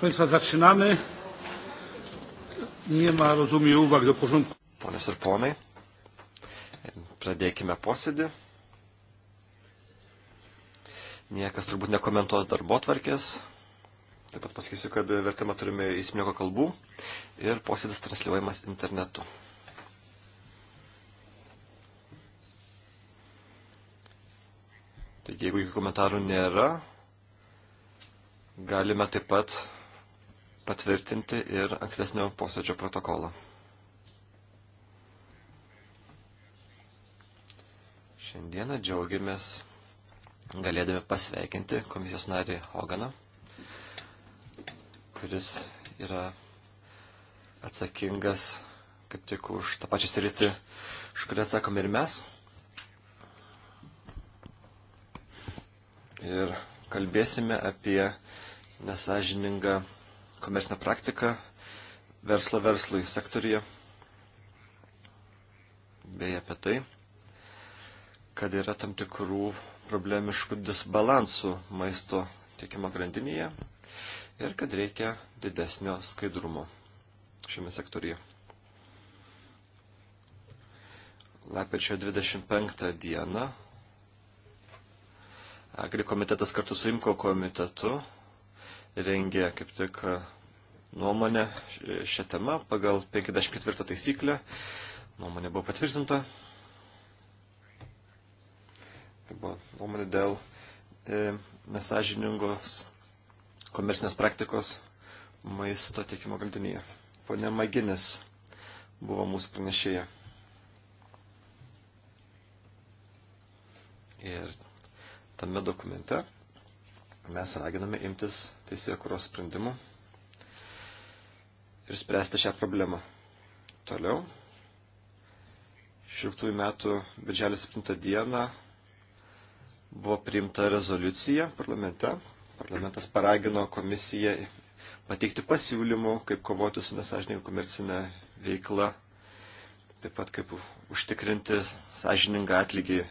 Państwa, zaczynamy. Nie ma, rozumiem, uwag do porządku. Ponios ir ponai, pradėkime posėdį. Niekas turbūt nekomentuos darbo tvarkės. Taip pat pasakysiu, kad vertimą turime į smėgo kalbų ir posėdis transliuojamas internetu. Taigi, jeigu jokių komentarų nėra, galime taip pat patvirtinti ir ankstesnio posėdžio protokolą. Šiandieną džiaugiamės galėdami pasveikinti komisijos narį Hoganą, kuris yra atsakingas kaip tik už tą pačią sritį, už kurią atsakom ir mes. Ir kalbėsime apie nesažiningą komersinę praktiką verslo verslui sektorija. Beje, apie tai, kad yra tam tikrų problemiškų disbalansų maisto tiekimo grandinėje ir kad reikia didesnio skaidrumo šiame sektorija. Lapkričio 25 dieną Agri komitetas kartu su Imko komitetu rengė kaip tik e, nuomonę šią temą pagal 54 taisyklę. Nuomonė buvo patvirtinta. Tai buvo nuomonė dėl e, nesažiningos komersinės praktikos maisto tiekimo grandinėje. Pone Maginis buvo mūsų pranešėja. Ir tame dokumente mes raginame imtis teisėkuros sprendimu ir spręsti šią problemą. Toliau. 16 metų birželio 7 dieną buvo priimta rezoliucija parlamente. Parlamentas paragino komisiją pateikti pasiūlymų, kaip kovoti su nesažininga komercinė veikla, taip pat kaip užtikrinti sąžiningą atlygį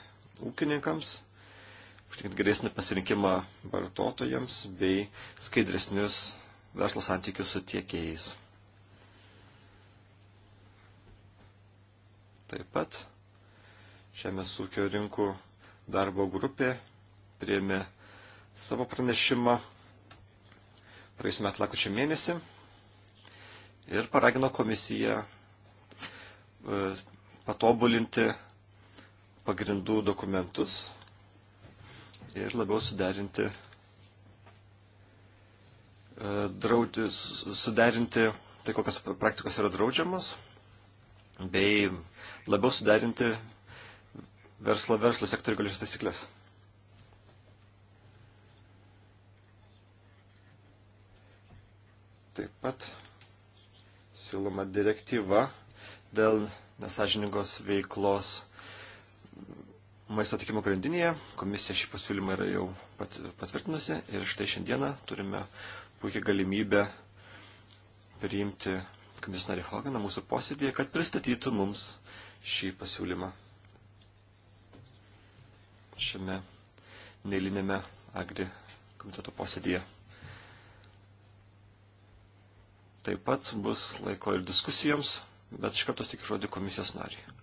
ūkininkams užtikrinti geresnį pasirinkimą vartotojams bei skaidresnius verslo santykius su tiekėjais. Taip pat Žemės ūkio rinkų darbo grupė priėmė savo pranešimą praeisime atlakučio mėnesį ir paragino komisiją e, patobulinti pagrindų dokumentus ir labiau suderinti, e, draudži, suderinti tai, kokios praktikos yra draudžiamos, bei labiau suderinti verslo verslo sektorių galiušas taisyklės. Taip pat siūloma direktyva dėl nesažiningos veiklos maisto tikimo grandinėje. Komisija šį pasiūlymą yra jau pat, patvirtinusi ir štai šiandieną turime puikia galimybę priimti komisijos narį Hoganą mūsų posėdėje, kad pristatytų mums šį pasiūlymą šiame neįlinėme agri komiteto posėdėje. Taip pat bus laiko ir diskusijoms, bet iš karto tik žodį komisijos nariai.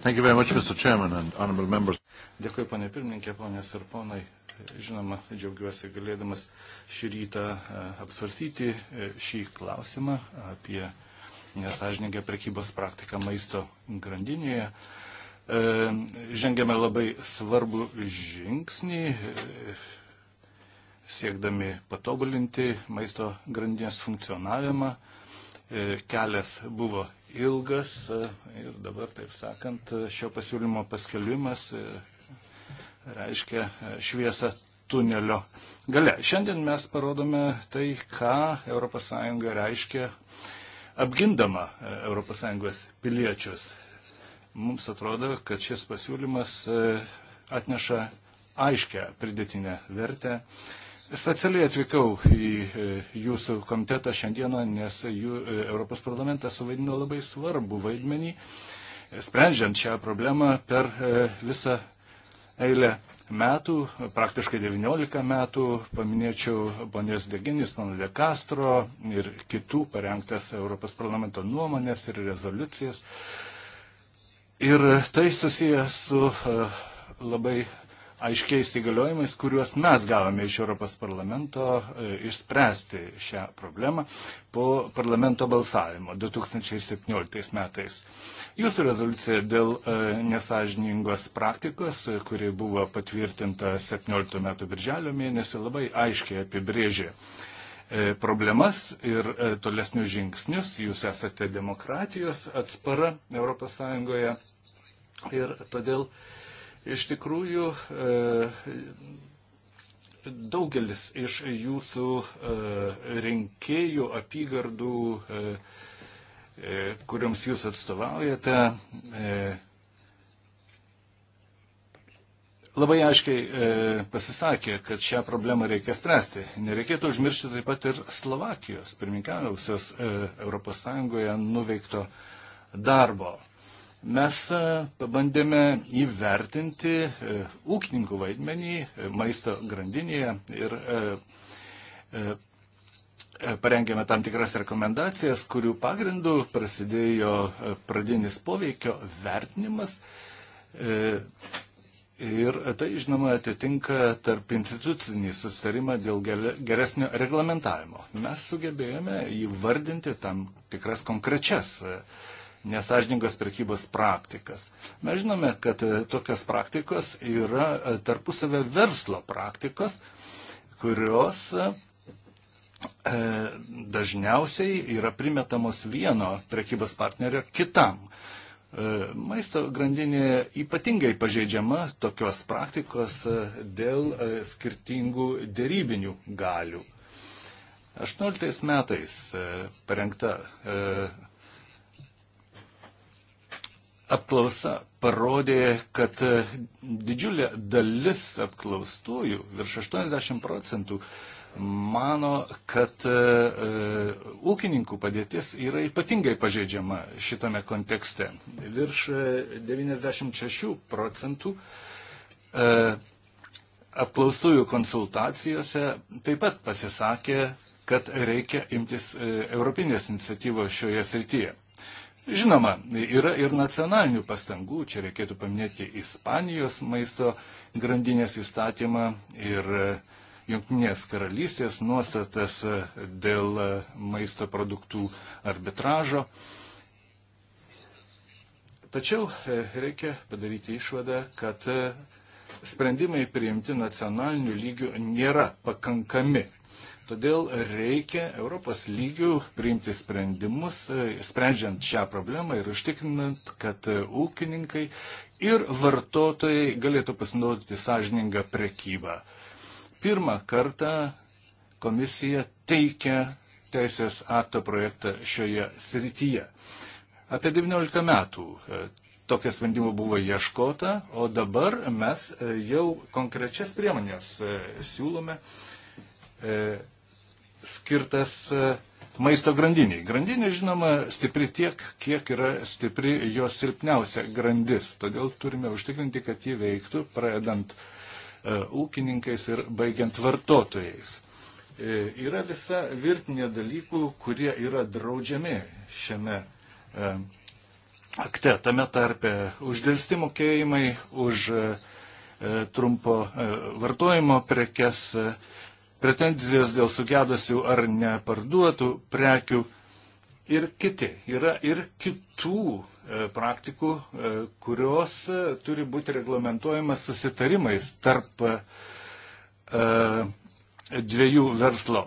Dėkui, panė pirmininkė, ponės ir ponai. Žinoma, džiaugiuosi galėdamas šį rytą e, apsvarstyti e, šį klausimą apie nesažininkę prekybos praktiką maisto grandinėje. E, Žengėme labai svarbų žingsnį, siekdami patobulinti maisto grandinės funkcionavimą. Kelias buvo ilgas e, ir dabar, taip sakant, šio pasiūlymo paskelbimas e, reiškia e, šviesą tunelio gale. Šiandien mes parodome tai, ką ES reiškia apgindama ES piliečius. Mums atrodo, kad šis pasiūlymas atneša aiškę pridėtinę vertę Specialiai atvykau į e, jūsų komitetą šiandieną, nes jų, e, Europos parlamentas suvaidino labai svarbų vaidmenį, sprendžiant šią problemą per e, visą eilę metų, praktiškai 19 metų, paminėčiau ponės Deginis, pono De Castro ir kitų parengtas Europos parlamento nuomonės ir rezoliucijas. Ir tai susijęs su labai aiškiais įgaliojimais, kuriuos mes gavome iš Europos parlamento e, išspręsti šią problemą po parlamento balsavimo 2017 metais. Jūsų rezoliucija dėl e, nesažiningos praktikos, kuri buvo patvirtinta 17 metų birželio mėnesį, labai aiškiai apibrėžė e, problemas ir tolesnius žingsnius. Jūs esate demokratijos atspara ES ir todėl uh, Iš tikrųjų, e, daugelis iš jūsų e, rinkėjų apygardų, e, kuriams jūs atstovaujate, labai aiškiai pasisakė, kad šią problemą reikia spręsti. Nereikėtų užmiršti taip pat ir Slovakijos, pirmininkavusios ES nuveikto darbo. Mes e, pabandėme įvertinti e, ūkininkų vaidmenį e, maisto grandinėje ir parengėme tam tikras rekomendacijas, kurių pagrindų prasidėjo pradinis poveikio vertinimas. Ir tai, žinoma, atitinka tarp institucinį sustarimą dėl geresnio reglamentavimo. Mes sugebėjome įvardinti tam tikras konkrečias uh, nesažiningas prekybos praktikas. Mes žinome, kad e, tokios praktikos yra e, tarpusavę verslo praktikos, kurios e, dažniausiai yra primetamos vieno prekybos partnerio kitam. Maisto grandinė ypatingai pažeidžiama tokios praktikos dėl skirtingų dėrybinių galių. 18 metais parengta Apklausa parodė, kad didžiulė dalis apklaustųjų, virš 80 procentų, mano, kad e, ūkininkų padėtis yra ypatingai pažeidžiama šitame kontekste. Virš 96 e, procentų e, apklaustųjų konsultacijose taip pat pasisakė, kad reikia imtis e, europinės iniciatyvos šioje srityje. Žinoma, yra ir nacionalinių pastangų, čia reikėtų paminėti Ispanijos maisto grandinės įstatymą ir e, Junktinės karalystės nuostatas e, dėl e, maisto produktų arbitražo. Tačiau reikia padaryti išvadą, kad sprendimai priimti nacionaliniu lygiu nėra pakankami. Todėl reikia Europos lygių priimti sprendimus, e, sprendžiant šią problemą ir užtikrinant, kad ūkininkai ir vartotojai galėtų pasinaudoti sąžiningą prekybą. Pirmą kartą komisija teikia teisės akto projektą šioje srityje. Apie 19 metų e, tokio sprendimo buvo ieškota, o dabar mes e, jau konkrečias priemonės siūlome skirtas e, maisto grandiniai. Grandinė, žinoma, stipri tiek, kiek yra stipri jos silpniausia grandis. Todėl turime užtikrinti, kad ji veiktų, pradedant e, ūkininkais ir baigiant vartotojais. E, yra visa virtinė dalykų, kurie yra draudžiami šiame akte, tame tarpe uždėlsti mokėjimai už trumpo vartojimo prekes, pretenzijos dėl sugedusių ar neparduotų prekių ir kiti. Yra ir kitų e, praktikų, e, kurios e, turi būti reglamentuojamas susitarimais tarp dviejų verslo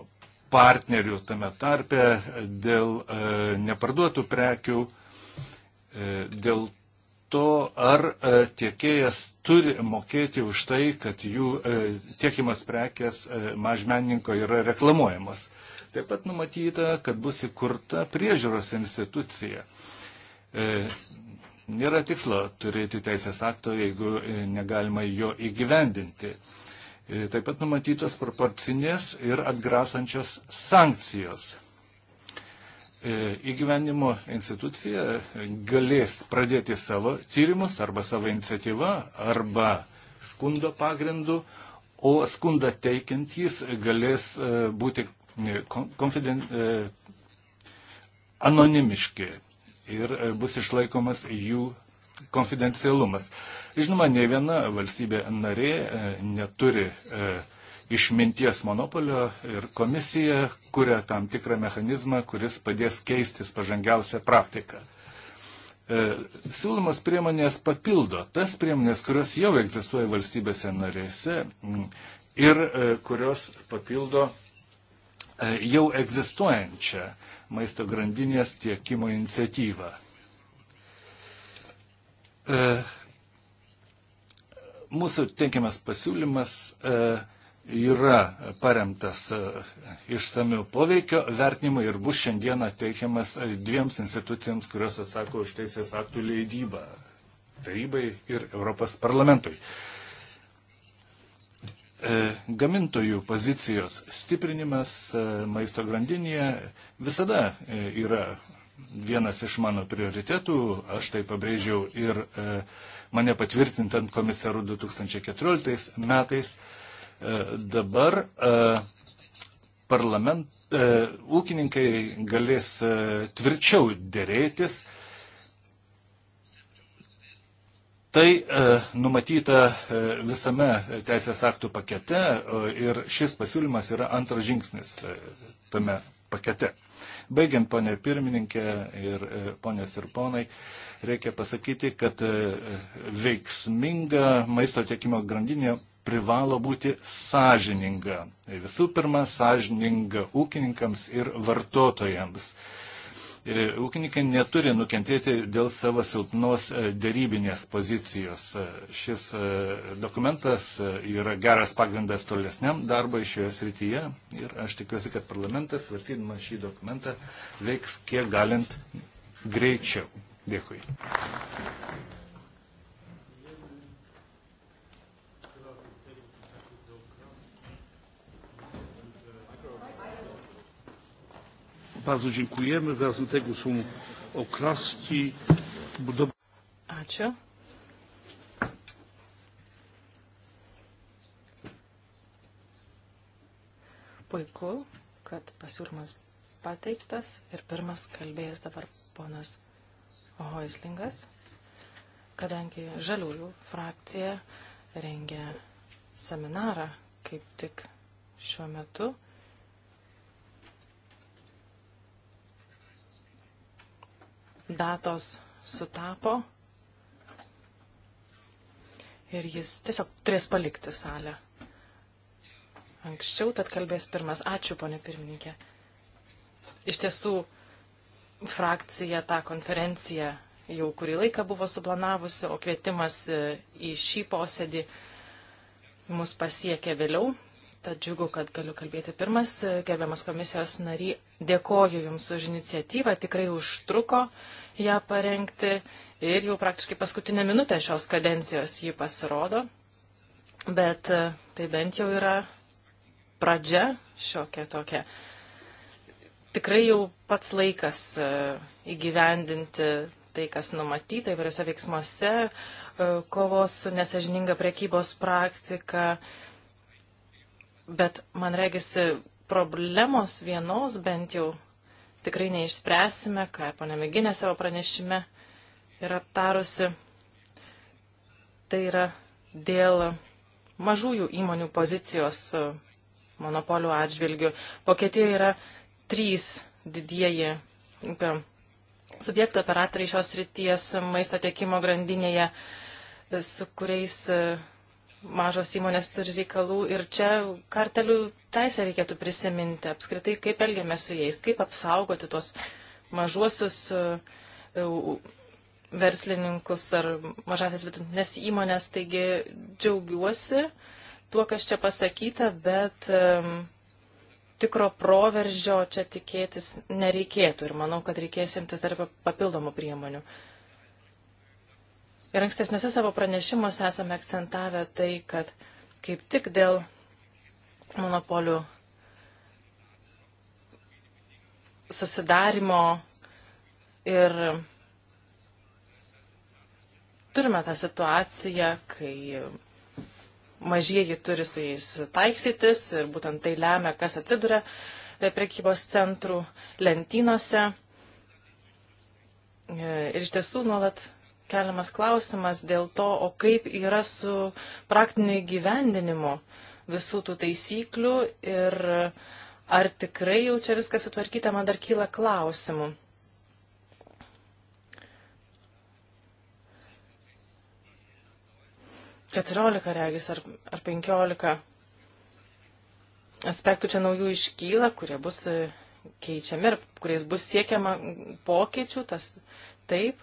partnerių tame tarpe dėl neparduotų prekių, dėl to, ar e, tiekėjas turi mokėti už tai, kad jų e, tiekimas prekes e, mažmeninko yra reklamuojamas. Taip pat numatyta, kad bus įkurta priežiūros institucija. Nėra tikslo turėti teisės akto, jeigu negalima jo įgyvendinti. Taip pat numatytos proporcinės ir atgrasančios sankcijos. E, įgyvenimo institucija e, galės pradėti savo tyrimus arba savo iniciatyvą arba skundo pagrindu, o skundą teikiantys galės e, būti konfiden... anonimiški ir bus išlaikomas jų konfidencialumas. Žinoma, ne viena valstybė narė neturi e, išminties monopolio ir komisija kuria tam tikrą mechanizmą, kuris padės keistis pažangiausią praktiką. E, siūlomos priemonės papildo tas priemonės, kurios jau egzistuoja valstybėse narėse ir e, kurios papildo e, jau egzistuojančią maisto grandinės tiekimo iniciatyvą. Mūsų teikiamas pasiūlymas uh, yra paremtas e, išsamiu poveikio vertinimu ir bus šiandieną teikiamas e, dviems institucijams, kurios atsako už teisės aktų leidybą - tarybai ir Europos parlamentui. E, gamintojų pozicijos stiprinimas maisto grandinėje visada yra vienas iš mano prioritetų, aš tai pabrėžiau ir mane patvirtintant komisarų 2014 metais. E, dabar e, parlament, e, ūkininkai galės tvirčiau dėrėtis. Tai numatyta visame teisės aktų pakete ir šis pasiūlymas yra antras žingsnis tame pakete. Baigiant, ponė pirmininkė ir ponės ir ponai, reikia pasakyti, kad veiksminga maisto tiekimo grandinė privalo būti sąžininga. Visų pirma, sąžininga ūkininkams ir vartotojams. E, ūkininkai neturi nukentėti dėl savo silpnos e, dėrybinės pozicijos. E, šis dokumentas yra geras pagrindas tolesniam darbui šioje srityje ir aš tikiuosi, kad parlamentas, svarstydamas šį dokumentą, veiks kiek galint greičiau. Dėkui. Bardzo dziękujemy. Wyrazem tego są oklaski. Ačiū. Puiku, kad pasiūlymas pateiktas ir pirmas kalbėjęs dabar ponas Hoislingas, kadangi žaliųjų frakcija rengia seminarą kaip tik šiuo metu datos sutapo ir jis tiesiog turės palikti salę. Anksčiau tad kalbės pirmas. Ačiū, ponė pirmininkė. Iš tiesų, frakcija tą konferenciją jau kurį laiką buvo suplanavusi, o kvietimas e, į šį posėdį mus pasiekė vėliau. Tad džiugu, kad galiu kalbėti pirmas. Gerbiamas komisijos nary, dėkoju Jums už iniciatyvą, tikrai užtruko ją parengti ir jau praktiškai paskutinę minutę šios kadencijos jį pasirodo. Bet e, tai bent jau yra pradžia šiokia tokia. Tikrai jau pats laikas e, įgyvendinti tai, kas numatyta įvairiose veiksmuose, e, kovos su nesažininga prekybos praktika, bet man regisi problemos vienos bent jau tikrai neišspręsime, ką ir ponė Mėginė savo pranešime yra aptarusi. Tai yra dėl mažųjų įmonių pozicijos e, monopolių atžvilgių. Vokietijoje yra trys didieji subjektų operatoriai šios ryties maisto tiekimo grandinėje, e, su kuriais e, mažos įmonės turi reikalų ir čia kartelių teisę reikėtų prisiminti apskritai, kaip elgiame su jais, kaip apsaugoti tuos mažuosius e, verslininkus ar mažasis vidutinės įmonės. Taigi džiaugiuosi tuo, kas čia pasakyta, bet tikro proveržio čia tikėtis nereikėtų ir manau, kad reikės imtis dar papildomų priemonių. Ir ankstesniuose savo pranešimuose esame akcentavę tai, kad kaip tik dėl monopolių susidarimo ir turime tą situaciją, kai mažieji turi su jais taikstytis ir būtent tai lemia, kas atsiduria prekybos centrų lentynose. Ir iš tiesų nuolat keliamas klausimas dėl to, o kaip yra su praktiniu įgyvendinimu visų tų taisyklių ir ar tikrai jau čia viskas sutvarkyta, man dar kyla klausimų. Keturiolika regis ar, ar penkiolika aspektų čia naujų iškyla, kurie bus keičiami ir kuriais bus siekiama pokyčių, tas taip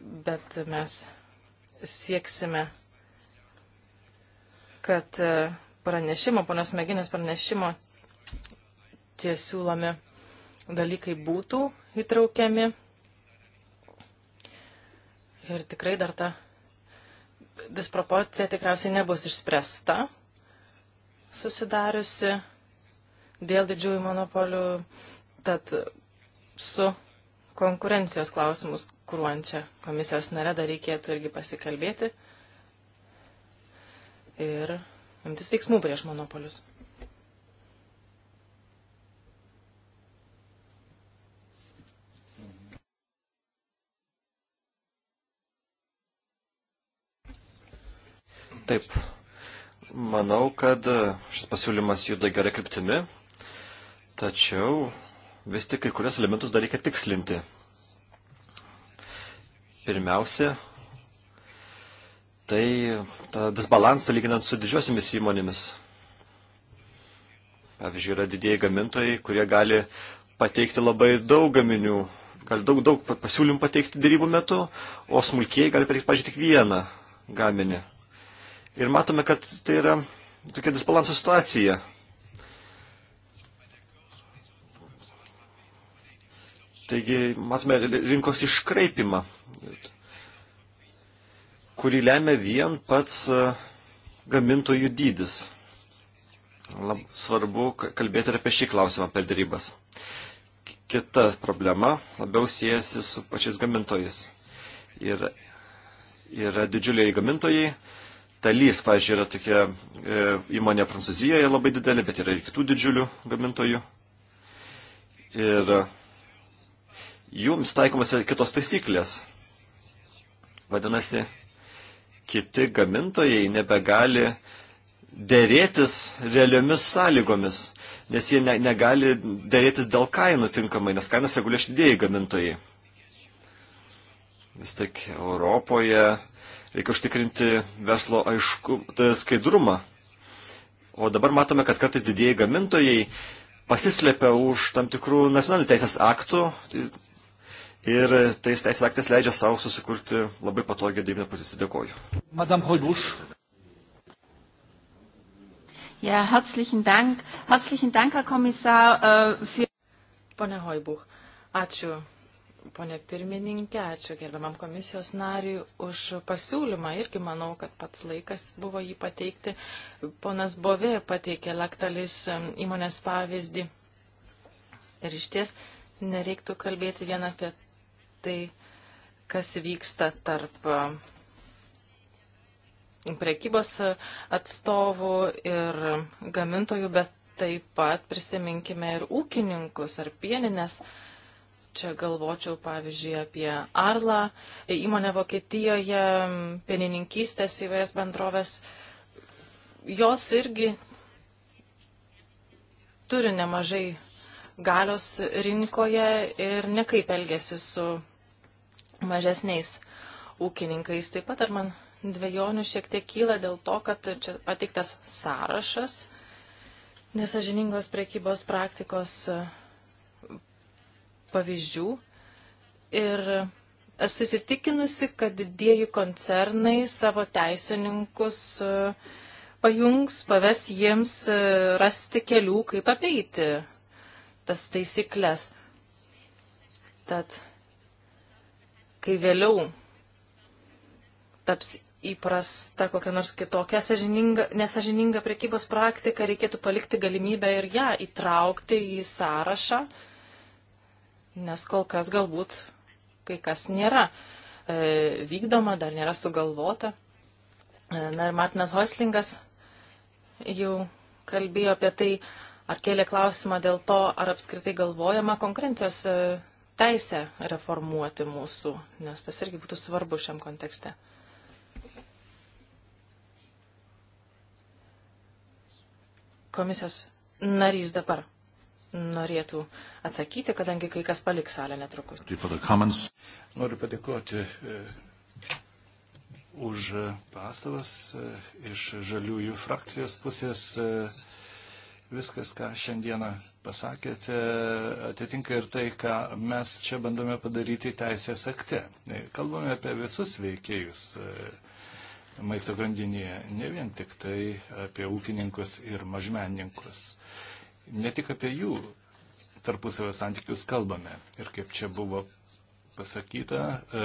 bet mes sieksime, kad e, pranešimo, ponios Meginės pranešimo tie siūlomi dalykai būtų įtraukiami. Ir tikrai dar ta disproporcija tikriausiai nebus išspręsta susidariusi dėl didžiųjų monopolių. Tad su konkurencijos klausimus kūruojančią komisijos narę dar reikėtų irgi pasikalbėti ir imtis veiksmų prieš monopolius. Taip, manau, kad šis pasiūlymas juda gerai kryptimi, tačiau vis tik kai kurias elementus dar reikia tikslinti. Pirmiausia, tai ta disbalansą lyginant su didžiosiomis įmonėmis. Pavyzdžiui, yra didieji gamintojai, kurie gali pateikti labai daug gaminių, gali daug, daug pasiūlymų pateikti dėrybų metu, o smulkiai gali pateikti, pažiūrėti, tik vieną gaminį. Ir matome, kad tai yra tokia disbalanso situacija. Taigi matome rinkos iškraipimą, kurį lemia vien pats e, gamintojų dydis. Lab, svarbu kalbėti ir apie šį klausimą per darybas. Kita problema labiau siejasi su pačiais gamintojais. Ir yra didžiuliai gamintojai. Talys, pažiūrėjau, yra tokia e, įmonė Prancūzijoje labai didelė, bet yra ir kitų didžiulių gamintojų. Ir jums taikomas kitos taisyklės. Vadinasi, kiti gamintojai nebegali dėrėtis realiomis sąlygomis, nes jie ne, negali dėrėtis dėl kainų tinkamai, nes kainas reguliuoja didėjai gamintojai. Vis tik Europoje reikia užtikrinti verslo aišku, tai skaidrumą. O dabar matome, kad kartais didėjai gamintojai pasislepia už tam tikrų nacionalinių teisės aktų, ir tais teisės aktais leidžia savo susikurti labai patogią dėminę poziciją. Dėkoju. Madame Holbuš. Ja, herzlichen Dank. Herzlichen Dank, Herr Kommissar, uh, für. Pone Hoibuch, ačiū, pone pirmininkė, ačiū gerbiamam komisijos nariui už pasiūlymą. Irgi manau, kad pats laikas buvo jį pateikti. Ponas Bovė pateikė Laktalis įmonės pavyzdį. Ir iš ties nereiktų kalbėti vien apie tai, kas vyksta tarp e, prekybos atstovų ir gamintojų, bet taip pat prisiminkime ir ūkininkus ar pieninės. Čia galvočiau, pavyzdžiui, apie Arlą, e, įmonę Vokietijoje, pienininkystės įvairias bendrovės. Jos irgi turi nemažai galios rinkoje ir nekaip elgesi su mažesniais ūkininkais. Taip pat ar man dviejonių šiek tiek kyla dėl to, kad čia patiktas sąrašas nesažiningos priekybos praktikos e, pavyzdžių. Ir esu įsitikinusi, kad didieji koncernai savo teisininkus e, pajungs, paves jiems e, rasti kelių, kaip apeiti tas taisyklės. Tad kai vėliau taps įprasta kokia nors kitokia sažininga, nesažininga prekybos praktika, reikėtų palikti galimybę ir ją įtraukti į sąrašą, nes kol kas galbūt kai kas nėra e, vykdoma, dar nėra sugalvota. E, na ir Martinas Hoislingas jau kalbėjo apie tai, ar kėlė klausimą dėl to, ar apskritai galvojama konkurencijos e, teisę reformuoti mūsų, nes tas irgi būtų svarbu šiam kontekste. Komisijos narys dabar norėtų atsakyti, kadangi kai kas paliks salę netrukus. Noriu padėkoti e, už e, pastabas e, iš žaliųjų frakcijos pusės. E, Viskas, ką šiandieną pasakėte, atitinka ir tai, ką mes čia bandome padaryti teisės akte. Kalbame apie visus veikėjus e, maisto grandinėje, ne vien tik tai apie ūkininkus ir mažmenininkus. Ne tik apie jų tarpusavio santykius kalbame. Ir kaip čia buvo pasakyta, e,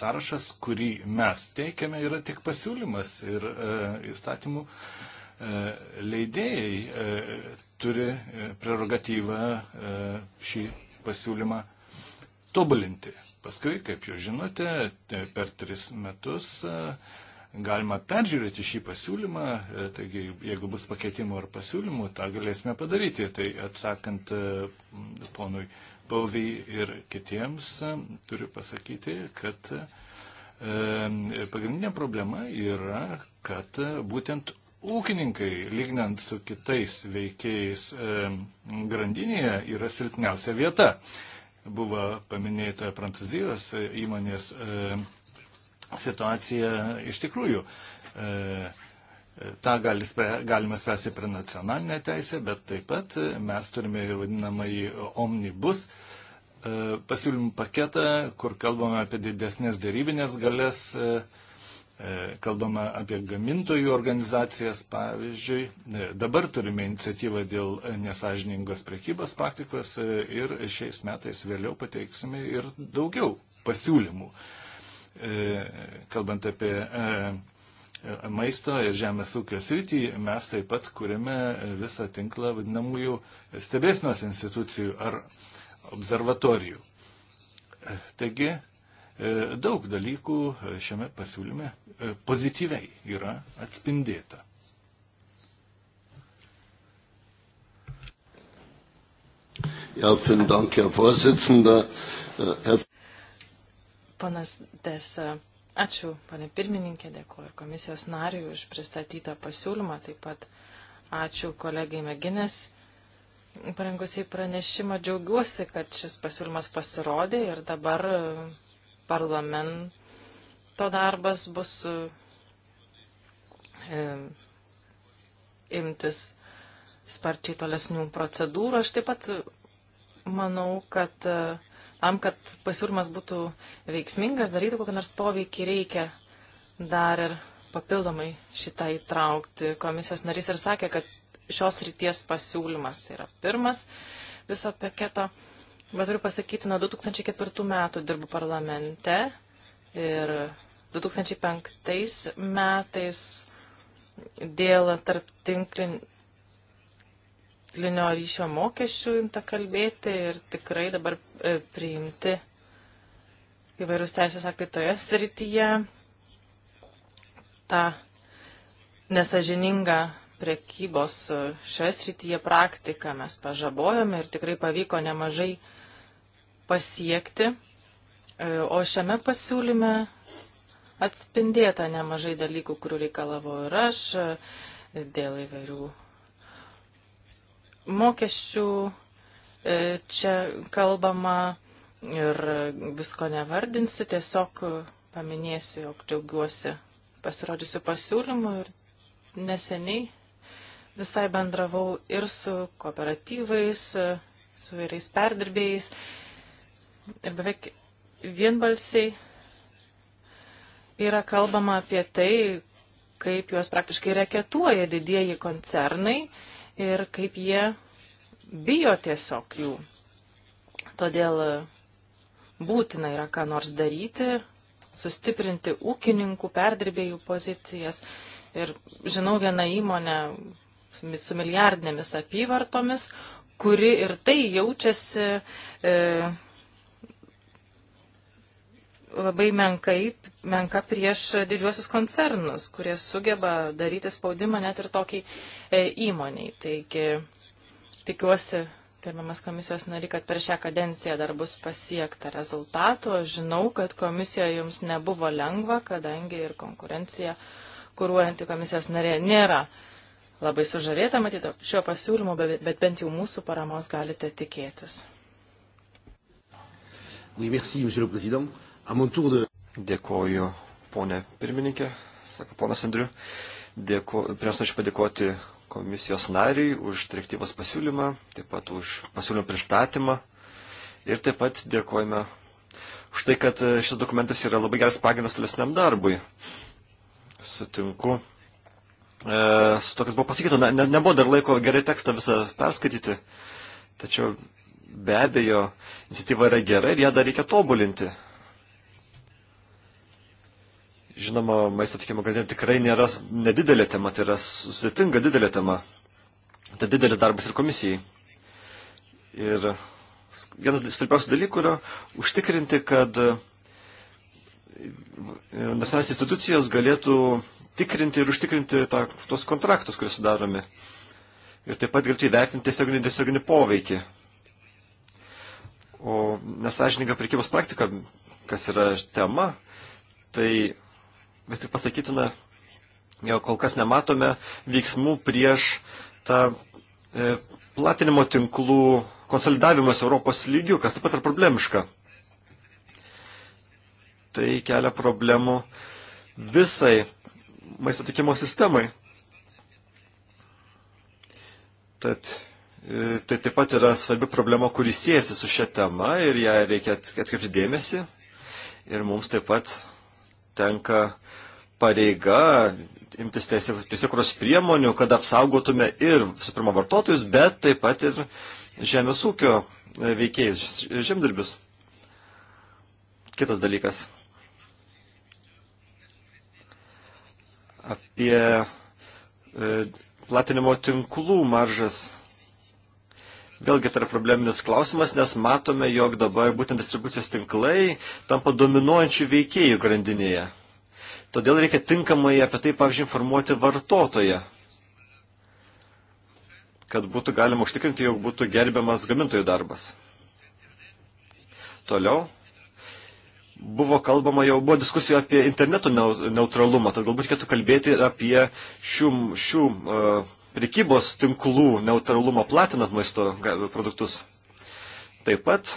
sąrašas, kurį mes teikiame, yra tik pasiūlymas ir e, įstatymų E, leidėjai e, turi e, prerogatyvą šį pasiūlymą tobulinti. Paskui, kaip jūs žinote, per tris metus galima peržiūrėti šį pasiūlymą, taigi jeigu bus pakeitimų ar pasiūlymų, tą galėsime padaryti. Tai atsakant ponui Pauvy ir kitiems, turiu pasakyti, kad pagrindinė problema yra, kad būtent ūkininkai, lygnant su kitais veikėjais e, grandinėje, yra silpniausia vieta. Buvo paminėta Prancūzijos įmonės e, situacija iš tikrųjų. E, Ta gali spre, galima spręsti per nacionalinę teisę, bet taip pat mes turime ir vadinamąjį omnibus pasiūlymų paketą, kur kalbame apie didesnės dėrybinės galės E, kalbama apie gamintojų organizacijas, pavyzdžiui. E, dabar turime iniciatyvą dėl nesažiningos prekybos praktikos e, ir šiais metais vėliau pateiksime ir daugiau pasiūlymų. Kalbant apie maisto ir žemės ūkio srity, mes taip pat kūrėme visą tinklą vadinamųjų stebėsnos institucijų ar observatorijų. Taigi, E, daug dalykų e, šiame pasiūlyme e, pozityviai yra atspindėta. Ja, vielen Dank, Herr Vorsitzender. Äh, Herr Panas Desa, ačiū, pane pirmininkė, dėkuoju ir komisijos nariui už pristatytą pasiūlymą, taip pat ačiū kolegai Meginės. Parengusiai pranešimą džiaugiuosi, kad šis pasiūlymas pasirodė ir dabar parlamento darbas bus e, imtis sparčiai tolesnių procedūrų. Aš taip pat manau, kad e, tam, kad pasiūlymas būtų veiksmingas, darytų kokią nors poveikį, reikia dar ir papildomai šitą įtraukti. Komisijos narys ir sakė, kad šios ryties pasiūlymas tai yra pirmas viso paketo Bet turiu pasakyti, nuo 2004 metų dirbu parlamente ir 2005 metais dėl tarp tinklinio ryšio mokesčių imta kalbėti ir tikrai dabar e, priimti įvairūs teisės aktai toje srityje. Ta nesažininga prekybos e, šioje srityje praktiką mes pažabojome ir tikrai pavyko nemažai uh, pasiekti. E, o šiame pasiūlyme atspindėta nemažai dalykų, kurių reikalavo ir aš e, dėl įvairių mokesčių. E, čia kalbama ir visko nevardinsiu, tiesiog paminėsiu, jog džiaugiuosi pasirodžiusiu pasiūlymu ir neseniai visai bendravau ir su kooperatyvais, su vairiais perdirbėjais ir beveik vienbalsiai yra kalbama apie tai, kaip juos praktiškai reketuoja didieji koncernai ir kaip jie bijo tiesiog jų. Todėl būtina yra ką nors daryti, sustiprinti ūkininkų, perdirbėjų pozicijas. Ir žinau vieną įmonę su milijardinėmis apyvartomis, kuri ir tai jaučiasi e, labai menkai, menka prieš didžiuosius koncernus, kurie sugeba daryti spaudimą net ir tokiai e, įmoniai. Taigi tikiuosi, gerbiamas komisijos nari, kad per šią kadenciją dar bus pasiekta rezultato. Žinau, kad komisija jums nebuvo lengva, kadangi ir konkurencija, kuruojanti komisijos narė, nėra labai sužavėta matyti šiuo pasiūlymu, bet, bet bent jau mūsų paramos galite tikėtis. Oui, merci, Monsieur le Président. Dėkoju, ponė pirmininkė, sako ponas Andriu. Pirmiausia, noriu padėkoti komisijos nariui už direktyvos pasiūlymą, taip pat už pasiūlymą pristatymą. Ir taip pat dėkojame už tai, kad šis dokumentas yra labai geras pagrindas tolesniam darbui. Sutinku. E, su to, kas buvo pasakyta, ne, ne, nebuvo dar laiko gerai tekstą visą perskaityti, tačiau be abejo, iniciatyva yra gera ir ją dar reikia tobulinti. Žinoma, maisto tikimo grandinė tikrai nėra nedidelė tema, tai yra sudėtinga didelė tema. Tai didelis darbas ir komisijai. Ir vienas svarbiausių dalykų yra užtikrinti, kad e, nacionalinės institucijos galėtų tikrinti ir užtikrinti tą, tos kontraktus, kurie sudaromi. Ir taip pat greitai vertinti tiesioginį, tiesioginį poveikį. O nesažininga prekybos praktika, kas yra tema, tai vis tik pasakytina, jo kol kas nematome veiksmų prieš tą e, platinimo tinklų konsolidavimas Europos lygių, kas taip pat yra problemiška. Tai kelia problemų visai maisto tikimo sistemai. Tad e, tai taip pat yra svarbi problema, kuris siejasi su šia tema ir ją reikia atkreipti dėmesį. Ir mums taip pat tenka pareiga imtis tiesiogros priemonių, kad apsaugotume ir, visų pirma, vartotojus, bet taip pat ir žemės ūkio veikėjus, žemdirbius. Kitas dalykas. Apie e, platinimo tinklų maržas vėlgi tai yra probleminis klausimas, nes matome, jog dabar būtent distribucijos tinklai tampa dominuojančių veikėjų grandinėje. Todėl reikia tinkamai apie tai, pavyzdžiui, informuoti vartotoje, kad būtų galima užtikrinti, jog būtų gerbiamas gamintojų darbas. Toliau buvo kalbama, jau buvo diskusijų apie interneto neutralumą, tad galbūt reikėtų kalbėti apie šių, šių uh, prekybos tinklų neutralumą platinant maisto produktus. Taip pat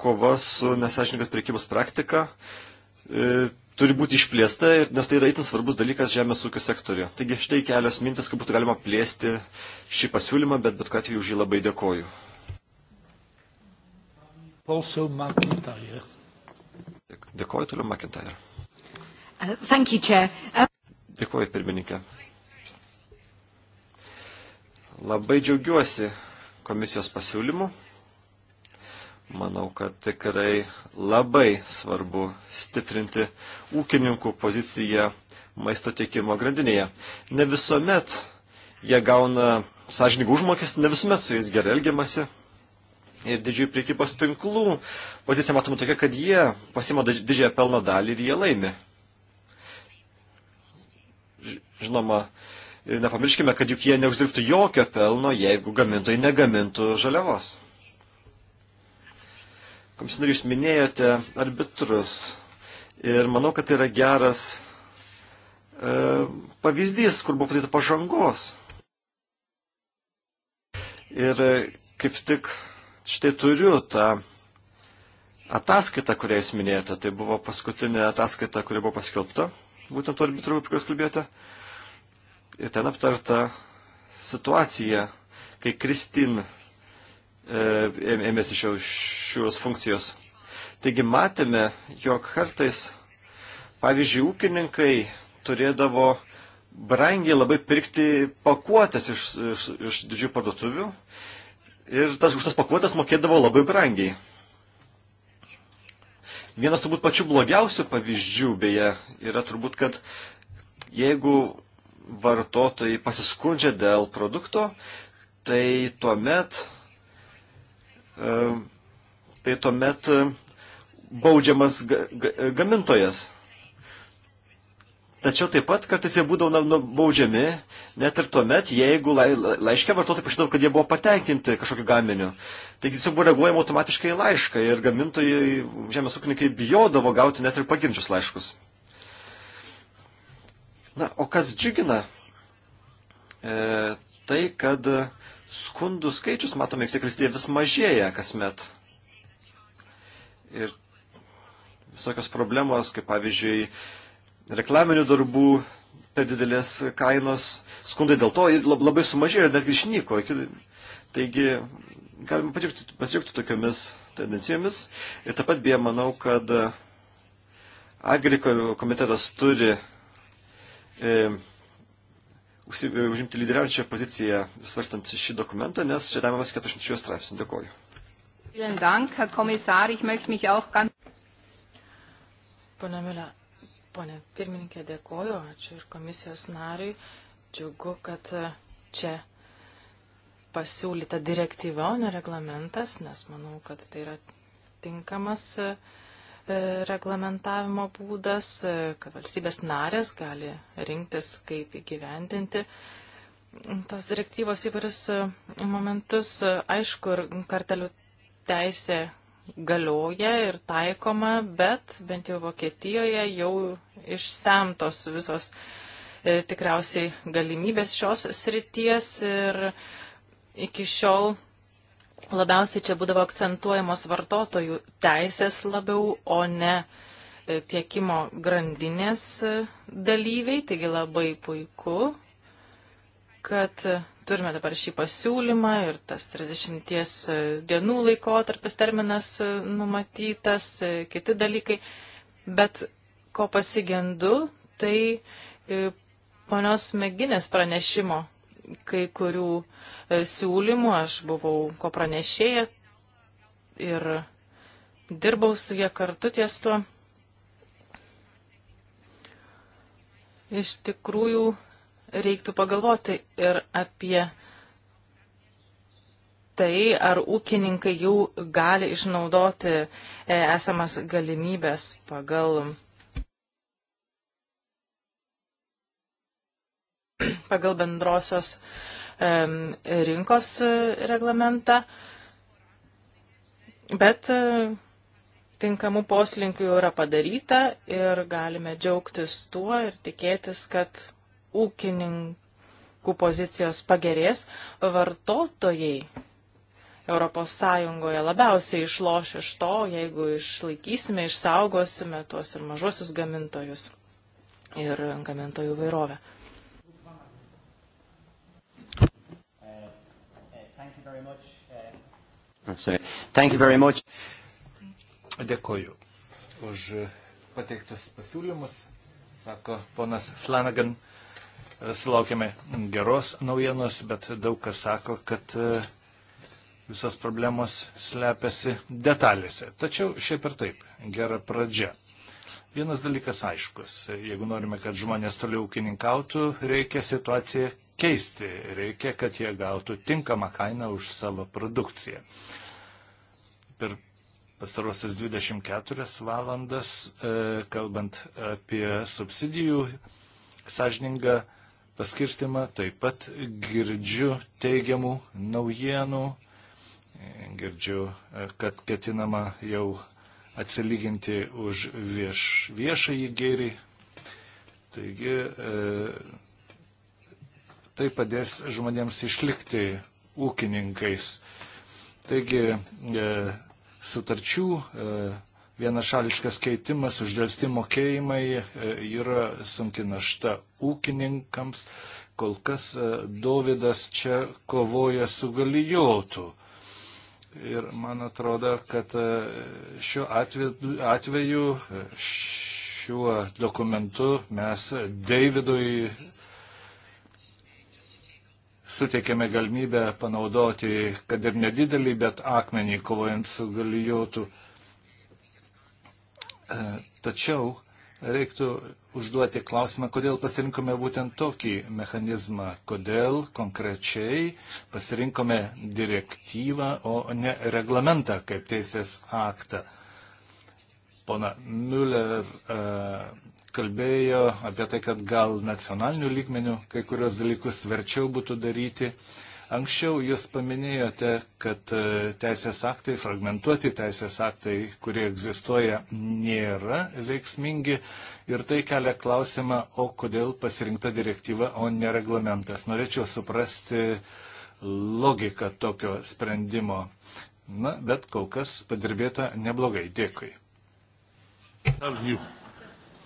kova su nesąžininkas prekybos praktika e, turi būti išplėsta, nes tai yra itin svarbus dalykas žemės ūkio sektoriuje. Taigi štai kelios mintis, kaip būtų galima plėsti šį pasiūlymą, bet bet kokiu atveju už jį labai dėkoju. Dėkoju toliau McIntyre. Uh, uh, dėkoju pirmininkė. Labai džiaugiuosi komisijos pasiūlymu. Manau, kad tikrai labai svarbu stiprinti ūkininkų poziciją maisto tiekimo grandinėje. Ne visuomet jie gauna sąžiningų užmokestį, ne visuomet su jais gerai elgiamasi. Ir didžiųjų priekybos tinklų pozicija matoma tokia, kad jie pasima didžiąją pelno dalį ir jie laimi. Žinoma, nepamirškime, kad juk jie neuždirbtų jokio pelno, jeigu gamintojai negamintų žaliavos. Komisinari, jūs minėjote arbitrus ir manau, kad tai yra geras e, pavyzdys, kur buvo padaryta pažangos. Ir e, kaip tik štai turiu tą ataskaitą, kurią jūs minėjote. Tai buvo paskutinė ataskaita, kuri buvo paskelbta, būtent to arbitrų, apie kurias kalbėjote. E, ir ten aptarta situacija, kai Kristin e, ėmėsi šio, šios funkcijos. Taigi matėme, jog kartais, pavyzdžiui, ūkininkai turėdavo brangiai labai pirkti pakuotės iš, iš, iš didžiųjų parduotuvių ir tas, už tas pakuotės mokėdavo labai brangiai. Vienas turbūt pačių blogiausių pavyzdžių beje yra turbūt, kad jeigu vartotojai pasiskundžia dėl produkto, tai tuomet, e, tai tuomet e, baudžiamas gamintojas. Tačiau taip pat kartais jie būdavo nu, baudžiami, net ir tuomet, jeigu lai, laiškė vartotojai pašydavo, kad jie buvo patenkinti kažkokiu gaminiu. Taigi tiesiog buvo reaguojama automatiškai į laišką ir gamintojai, žemės ūkininkai, bijodavo gauti net ir pagirdžius laiškus. Na, o kas džiugina? E, tai, kad skundų skaičius, matome, jog tikrai vis mažėja kasmet. Ir visokios problemos, kaip pavyzdžiui, reklaminių darbų per didelės kainos, skundai dėl to labai sumažėjo ir netgi išnyko. Taigi galime pasidžiaugti tokiomis tendencijomis. Ir taip pat beje, manau, kad Agriko komitetas turi e, užimti lyderiaujančią poziciją svarstant šį dokumentą, nes čia remiamas 400 straipsnių. Dėkoju. Pone Milė, ponė pirmininkė, dėkoju, ačiū ir komisijos nariui. Džiugu, kad e, čia pasiūlyta direktyva, o ne reglamentas, nes manau, kad tai yra tinkamas uh, E, reglamentavimo būdas, e, kad valstybės narės gali rinktis, kaip įgyvendinti tos direktyvos įvairius e, momentus. Aišku, ir kartelių teisė galioja ir taikoma, bet bent jau Vokietijoje jau išsemtos visos tikriausiai galimybės šios srities ir iki šiol labiausiai čia būdavo akcentuojamos vartotojų teisės labiau, o ne e, tiekimo grandinės e, dalyviai. Taigi labai puiku, kad e, turime dabar šį pasiūlymą ir tas 30 dienų laikotarpis terminas numatytas, kiti dalykai. Bet ko pasigendu, tai ponios Meginės pranešimo kai kurių e, siūlymų, aš buvau ko pranešėję ir dirbau su jie kartu ties tuo. Iš tikrųjų, reiktų pagalvoti ir apie tai, ar ūkininkai jau gali išnaudoti e, esamas galimybės pagal pagal bendrosios rinkos e, reglamentą, bet e, tinkamų poslinkių jau yra padaryta ir galime džiaugtis tuo ir tikėtis, kad ūkininkų pozicijos pagerės, vartotojai ES labiausiai išloš iš to, jeigu išlaikysime, išsaugosime tuos ir mažosius gamintojus ir gamintojų vairovę. Eh. Dėkoju už pateiktus pasiūlymus, sako ponas Flanagan. Sulaukėme geros naujienos, bet daug kas sako, kad eh, visos problemos slepiasi detalėse. Tačiau šiaip ir taip, gera pradžia. Vienas dalykas aiškus. Jeigu norime, kad žmonės toliau ūkininkautų, reikia situaciją keisti. Reikia, kad jie gautų tinkamą kainą už savo produkciją. Per pastarosias 24 valandas, e, kalbant apie subsidijų sąžiningą paskirstimą, taip pat girdžiu teigiamų naujienų, girdžiu, e, kad ketinama jau atsilyginti už vieš, viešąjį gėrį. Taigi e, tai padės žmonėms išlikti ūkininkais. Taigi e, sutarčių e, vienašališkas keitimas, uždėlsti mokėjimai e, yra sunki našta ūkininkams. Kol kas e, Dovydas čia kovoja su galijotu. E, Ir man atrodo, kad e, šiuo atveju, atveju e, šiuo dokumentu mes Davidui suteikėme galimybę panaudoti, kad ir nedidelį, bet akmenį kovojant su galijotu. E, tačiau reiktų užduoti klausimą, kodėl pasirinkome būtent tokį mechanizmą, kodėl konkrečiai pasirinkome direktyvą, o ne reglamentą kaip teisės aktą. Pona Müller e, kalbėjo apie tai, kad gal nacionalinių lygmenių kai kurios dalykus verčiau būtų daryti. E, Anksčiau jūs paminėjote, kad e, teisės aktai, fragmentuoti teisės aktai, kurie egzistuoja, nėra veiksmingi ir tai kelia klausimą, o kodėl pasirinkta direktyva, o ne reglamentas. Norėčiau suprasti logiką tokio sprendimo. Na, bet kol kas padirbėta neblogai. Dėkui.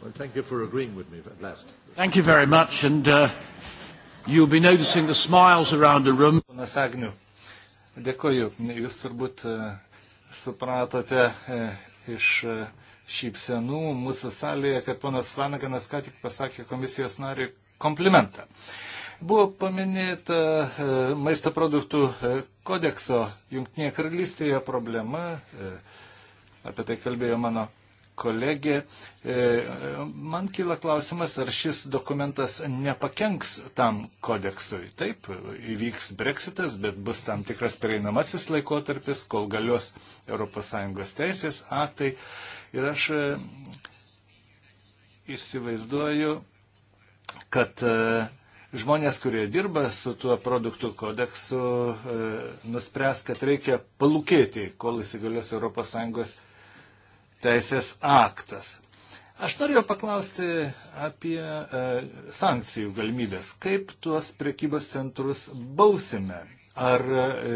Well, thank you for agreeing with me at last. Thank you very much and uh, You'll be noticing the smiles around the room. Ponas Agniu, dėkoju. Jūs turbūt e, supratote e, iš e, šypsenų mūsų salėje, kad ponas Flanaganas ką tik pasakė komisijos nariui komplimentą. Buvo paminėta maisto produktų kodekso Junktinėje karalystėje problema, apie tai kalbėjo mano kolegė. E, man kyla klausimas, ar šis dokumentas nepakenks tam kodeksui. Taip, įvyks breksitas, bet bus tam tikras pereinamasis laikotarpis, kol galios ES teisės aktai. Ir aš e, įsivaizduoju, kad e, žmonės, kurie dirba su tuo produktų kodeksu, nuspręs, kad reikia palūkėti, kol įsigalios ES teisės aktas. Aš norėjau paklausti apie e, sankcijų galimybės. Kaip tuos prekybos centrus bausime? Ar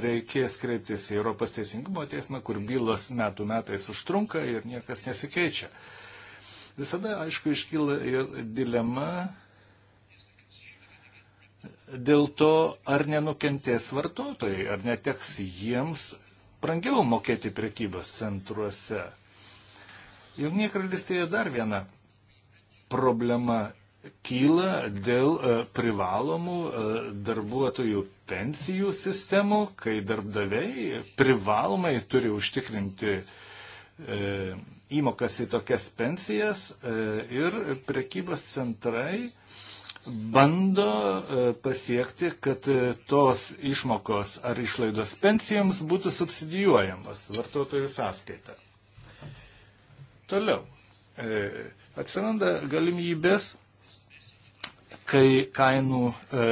reikės kreiptis į Europos Teisingumo teismą, kur bylos metų metais užtrunka ir niekas nesikeičia? Visada, aišku, iškyla ir dilema dėl to, ar nenukentės vartotojai, ar neteks jiems brangiau mokėti prekybos centruose. Jungtinėje karalystėje dar viena problema kyla dėl e, privalomų e, darbuotojų pensijų sistemų, kai darbdaviai privalomai turi užtikrinti e, įmokas į tokias pensijas ir prekybos centrai bando pasiekti, kad tos išmokos ar išlaidos pensijoms būtų subsidijuojamos vartotojų sąskaita. Toliau. E, atsiranda galimybės, kai kainų e,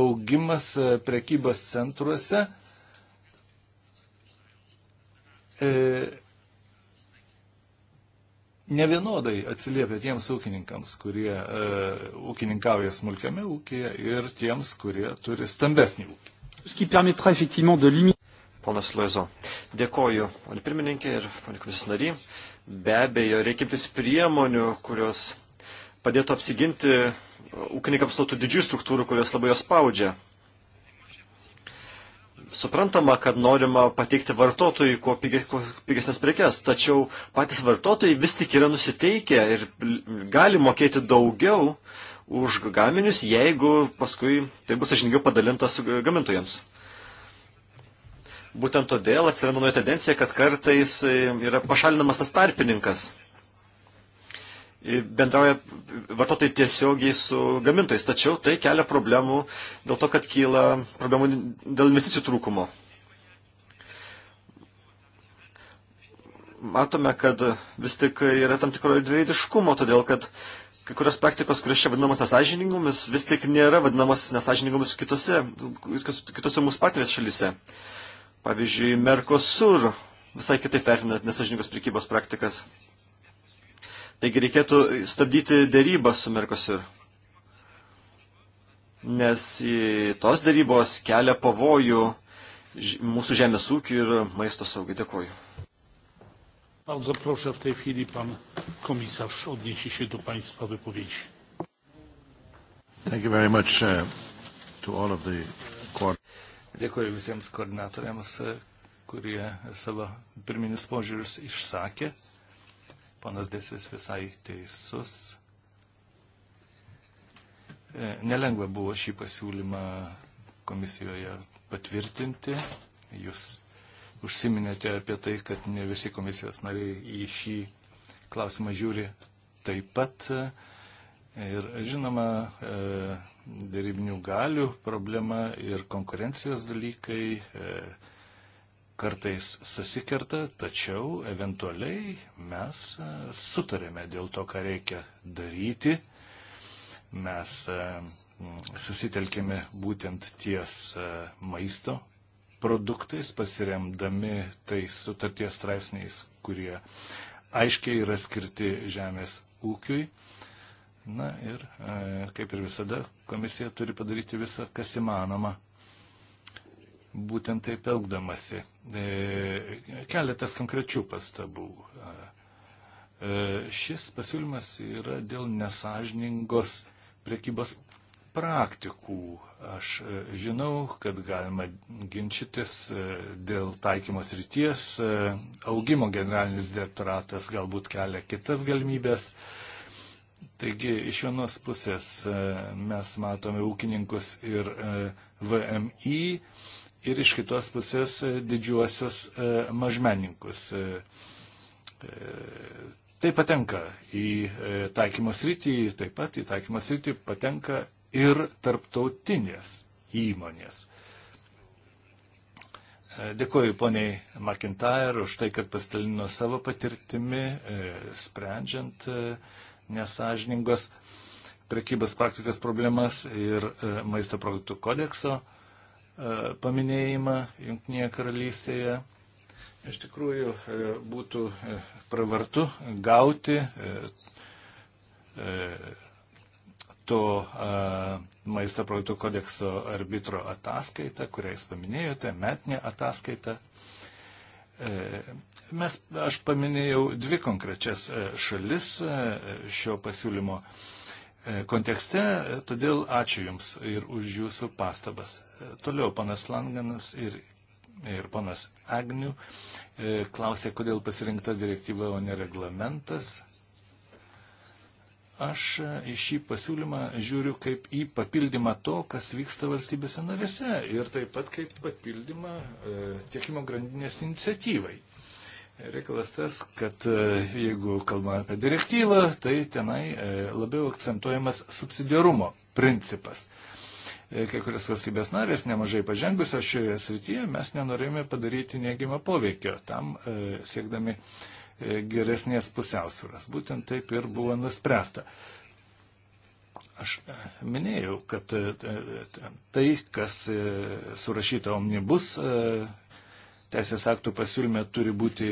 augimas e, prekybos centruose e, nevienodai atsiliepia tiems ūkininkams, kurie e, ūkininkauja smulkiame ūkėje ir tiems, kurie turi stambesnį ūkį. Ponas Loizo. Dėkoju, ponė pirmininkė ir ponė komisijos nary. Be abejo, reikimtis priemonių, kurios padėtų apsiginti ūkininkams nuo tų didžiųjų struktūrų, kurios labai jos spaudžia. Suprantama, kad norima pateikti vartotojui kuo pigesnės prekes, tačiau patys vartotojai vis tik yra nusiteikę ir gali mokėti daugiau už gaminius, jeigu paskui tai bus sažiningiau padalinta su gamintojams. Būtent todėl atsiranda nauja tendencija, kad kartais e, yra pašalinamas tas tarpininkas. Bendrauja vartotojai tiesiogiai su gamintojais, tačiau tai kelia problemų dėl to, kad kyla problemų dėl investicijų trūkumo. matome, kad vis tik yra tam tikro dviejdiškumo, todėl kad kai kurios praktikos, kurios čia vadinamos nesažiningomis, vis tik nėra vadinamos nesažiningomis kitose, kitose mūsų partnerės šalyse. Pavyzdžiui, Mercosur visai kitaip vertina nesažininkos prekybos praktikas. Taigi reikėtų stabdyti dėrybą su Mercosur. Nes tos dėrybos kelia pavojų mūsų žemės ūkiui ir maisto saugai. Dėkuoju. Bardzo proszę w tej chwili pan komisarz odniesie się do państwa wypowiedzi. Thank you very much uh, to all of the Dėkuoju visiems koordinatoriams, kurie savo pirminius požiūrius išsakė. Panas Desis visai teisus. E, nelengva buvo šį pasiūlymą komisijoje patvirtinti. Jūs užsiminėte apie tai, kad ne visi komisijos nariai į šį klausimą žiūri taip pat. E, ir žinoma, e, dėrybinių galių problema ir konkurencijos dalykai e, kartais susikerta, tačiau eventualiai mes e, sutarėme dėl to, ką reikia daryti. Mes e, susitelkėme būtent ties maisto produktais, pasiremdami tais sutarties straipsniais, kurie aiškiai yra skirti žemės ūkiui. E, Na ir, e, kaip ir visada, komisija turi padaryti visą, kas įmanoma, būtent taip elgdamasi. E, keletas konkrečių pastabų. E, šis pasiūlymas yra dėl nesažningos prekybos praktikų. Aš žinau, kad galima ginčytis dėl taikymos ryties. Augimo generalinis direktoratas galbūt kelia kitas galimybės. Taigi iš vienos pusės e, mes matome ūkininkus ir e, VMI ir iš kitos pusės e, didžiuosius mažmeninkus. Tai patenka į taikymo sritį, taip pat į taikymo sritį patenka ir tarptautinės įmonės. Dėkuoju poniai McIntyre už tai, kad pastalino savo patirtimi, sprendžiant nesažiningos prekybos praktikas problemas ir e, maisto produktų kodekso e, paminėjimą Junktinėje karalystėje. Iš tikrųjų, e, būtų pravartu gauti to maisto produktų kodekso arbitro ataskaitą, kurią jūs paminėjote, metinė ataskaita Mes, aš paminėjau dvi konkrečias e, šalis e, šio pasiūlymo e, kontekste, todėl ačiū Jums ir už Jūsų pastabas. Toliau panas Langanas ir, ir panas Agnių klausė, kodėl pasirinkta direktyva, o ne reglamentas. Aš į šį pasiūlymą žiūriu kaip į papildymą to, kas vyksta valstybėse narėse ir taip pat kaip papildymą e, tiekimo grandinės iniciatyvai. Reikalas tas, kad e, jeigu kalbame apie direktyvą, tai tenai e, labiau akcentuojamas subsidiarumo principas. E, kai kurias valstybės narės nemažai pažengusios šioje srityje mes nenorėjome padaryti neigiamą poveikio tam siekdami geresnės pusiausvėros. Būtent taip ir buvo nuspręsta. Aš minėjau, kad e, e, e, tai, kas surašyta omnibus teisės aktų pasiūlyme, turi būti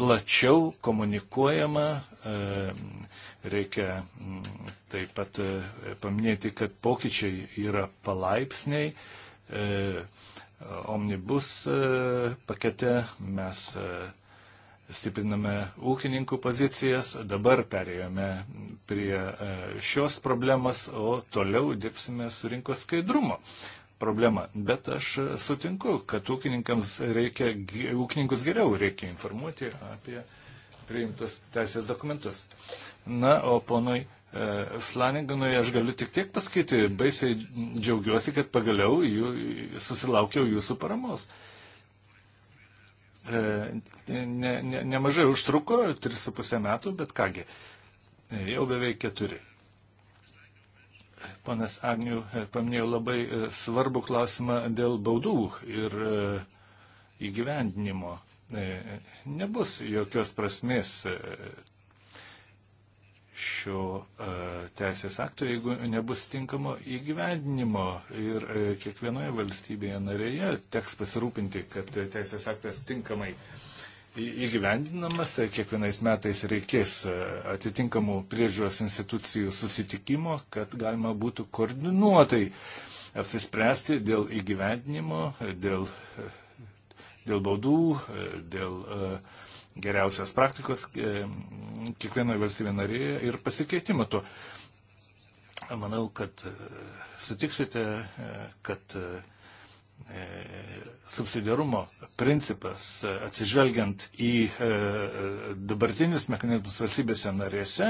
plačiau komunikuojama. Reikia mm, taip pat paminėti, kad pokyčiai yra palaipsniai. Omnibus pakete mes stipriname ūkininkų pozicijas, dabar perėjome prie e, šios problemos, o toliau dirbsime su rinkos skaidrumo problema. Bet aš sutinku, kad ūkininkams reikia, ūkininkus geriau reikia informuoti apie priimtus teisės dokumentus. Na, o ponui e, Flanaganui aš galiu tik tiek pasakyti, baisiai džiaugiuosi, kad pagaliau jų, susilaukiau jūsų paramos. Uh, E, ne, ne, nemažai užtruko, 3,5 metų, bet kągi, e, jau beveik 4. Panas Agnių e, paminėjo labai svarbų klausimą dėl baudų ir įgyvendinimo. Nebus jokios prasmės šio e, teisės akto, jeigu nebus tinkamo įgyvendinimo ir e, kiekvienoje valstybėje narėje teks pasirūpinti, kad teisės aktas tinkamai įgyvendinamas, e, kiekvienais metais reikės atitinkamų priežiūros institucijų susitikimo, kad galima būtų koordinuotai apsispręsti dėl įgyvendinimo, dėl, dėl baudų, dėl uh, geriausias praktikos e, kiekvienoje valstybėje narėje ir pasikeitimo to. Manau, kad e, sutiksite, e, kad subsidiarumo principas atsižvelgiant į dabartinius mechanizmus valstybėse narėse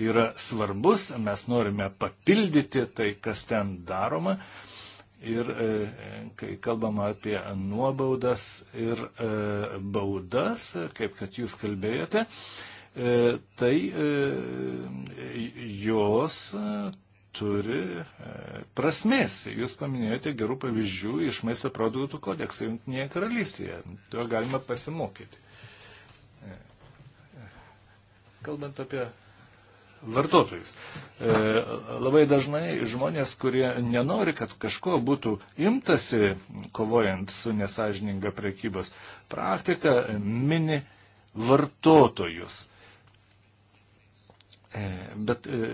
yra svarbus. Mes norime papildyti tai, kas ten daroma. Ir e, kai kalbama apie nuobaudas ir e, baudas, kaip kad jūs kalbėjote, e, tai jos turi prasmės. Jūs paminėjote gerų pavyzdžių iš maisto produktų kodeksą Junktinėje karalystėje. Tuo galima pasimokyti. Kalbant apie vartotojus. E, labai dažnai žmonės, kurie nenori, kad kažko būtų imtasi, kovojant su nesažininga prekybos praktika, mini vartotojus. E, bet e,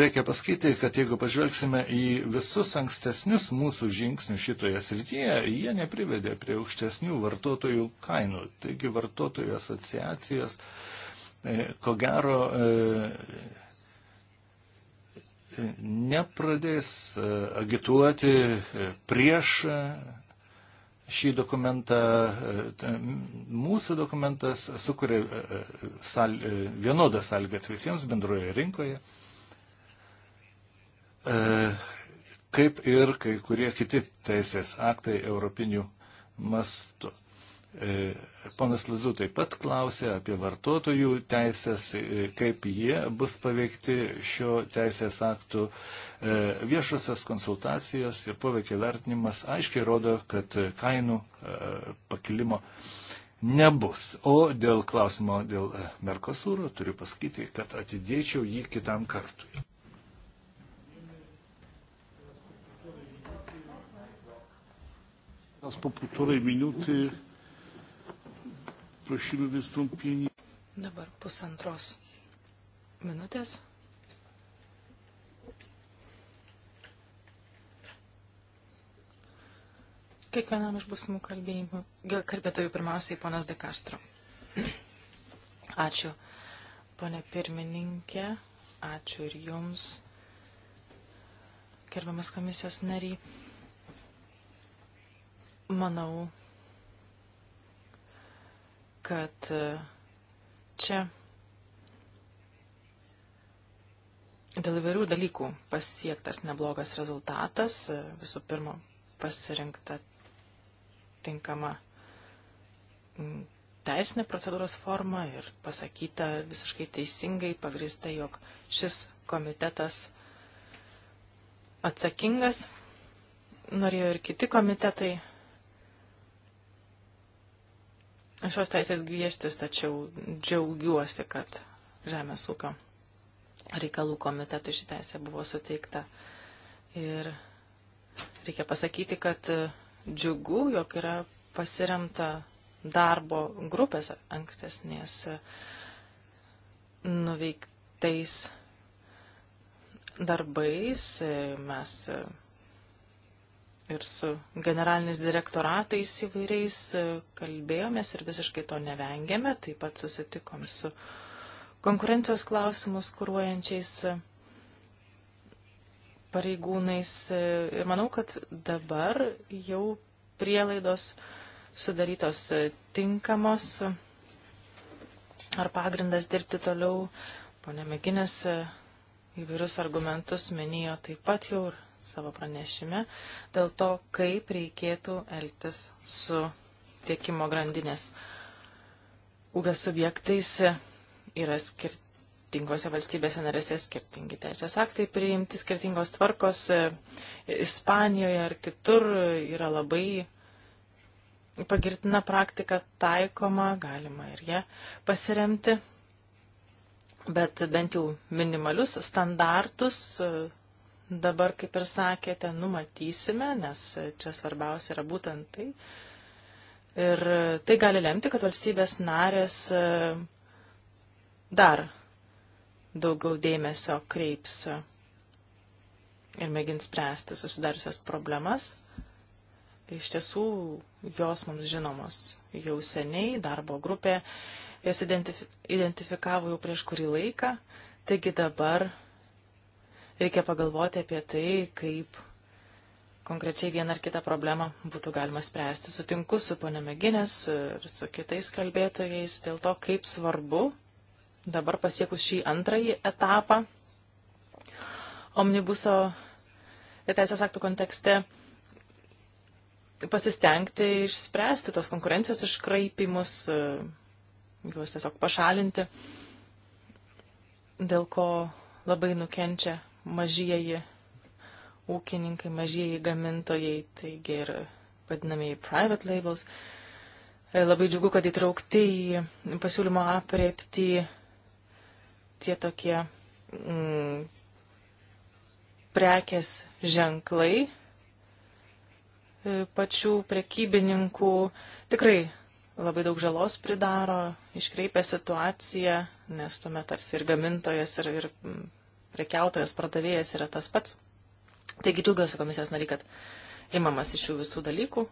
reikia pasakyti, kad jeigu pažvelgsime į visus ankstesnius mūsų žingsnius šitoje srityje, jie neprivedė prie aukštesnių vartotojų kainų. Taigi vartotojų asociacijos E, ko gero e, nepradės e, agituoti prieš šį dokumentą. Mūsų dokumentas sukuria sal, vienodą sąlygą visiems bendroje rinkoje, kaip ir kai kurie kiti teisės aktai europinių mastų. E, ponas Lizu taip pat klausė apie vartotojų teisės, e, kaip jie bus paveikti šio teisės aktų. E, Viešasias konsultacijas ir poveikio vertinimas aiškiai rodo, kad kainų pakilimo nebus. O dėl klausimo dėl Merkosūro turiu pasakyti, kad atidėčiau jį kitam kartui. Nas po półtorej minuty prosimy wystąpienie. Dabar pusantros minutės. Kiekvienam iš būsimų kalbėjimų, kalbėtojų pirmiausiai ponas De Castro. Ačiū, ponė pirmininkė, ačiū ir jums, gerbiamas komisijos nariai. Manau, kad e, čia dėl įvairių dalykų pasiektas neblogas rezultatas. E, visų pirma, pasirinkta tinkama teisinė procedūros forma ir pasakyta visiškai teisingai pagrįsta, jog šis komitetas atsakingas. Norėjo ir kiti komitetai šios teisės griežtis, tačiau džiaugiuosi, kad Žemės ūkio reikalų komitetui ši teisė buvo suteikta. Ir reikia pasakyti, kad e, džiugu, jog yra pasiremta darbo grupės ankstesnės e, nuveiktais darbais. E, mes ir su generaliniais direktoratais įvairiais e, kalbėjomės ir visiškai to nevengėme. Taip pat susitikom su konkurencijos klausimus kūruojančiais e, pareigūnais. E, ir manau, kad dabar jau prielaidos sudarytos tinkamos ar pagrindas dirbti toliau. Pone Meginės įvairius argumentus minėjo taip pat jau ir savo pranešime dėl to, kaip reikėtų elgtis su tiekimo grandinės ūkio subjektais yra skirtingose valstybėse narėse skirtingi teisės aktai priimti, skirtingos tvarkos Ispanijoje ar kitur yra labai pagirtina praktika taikoma, galima ir ją pasiremti, bet bent jau minimalius standartus dabar, kaip ir sakėte, numatysime, nes čia svarbiausia yra būtent tai. Ir tai gali lemti, kad valstybės narės e, dar daugiau dėmesio kreips ir mėgins spręsti susidariusias problemas. Iš tiesų, jos mums žinomos jau seniai, darbo grupė jas identifi identifikavo jau prieš kurį laiką, taigi dabar reikia pagalvoti apie tai, kaip konkrečiai vieną ar kitą problemą būtų galima spręsti. Sutinku su ponė Meginės ir su kitais kalbėtojais dėl to, kaip svarbu dabar pasiekus šį antrąjį etapą omnibuso teisės aktų kontekste pasistengti išspręsti tos konkurencijos iškraipimus, juos tiesiog pašalinti, dėl ko labai nukenčia mažieji ūkininkai, mažieji gamintojai, taigi ir vadinamieji private labels. E, labai džiugu, kad įtraukti į pasiūlymo apriepti tie tokie mm, prekės ženklai e, pačių prekybininkų. Tikrai labai daug žalos pridaro, iškreipia situaciją, nes tuomet tarsi ir gamintojas, ir, ir prekiautojas, pardavėjas yra tas pats. Taigi džiaugiuosi komisijos nariai, kad imamas iš šių visų dalykų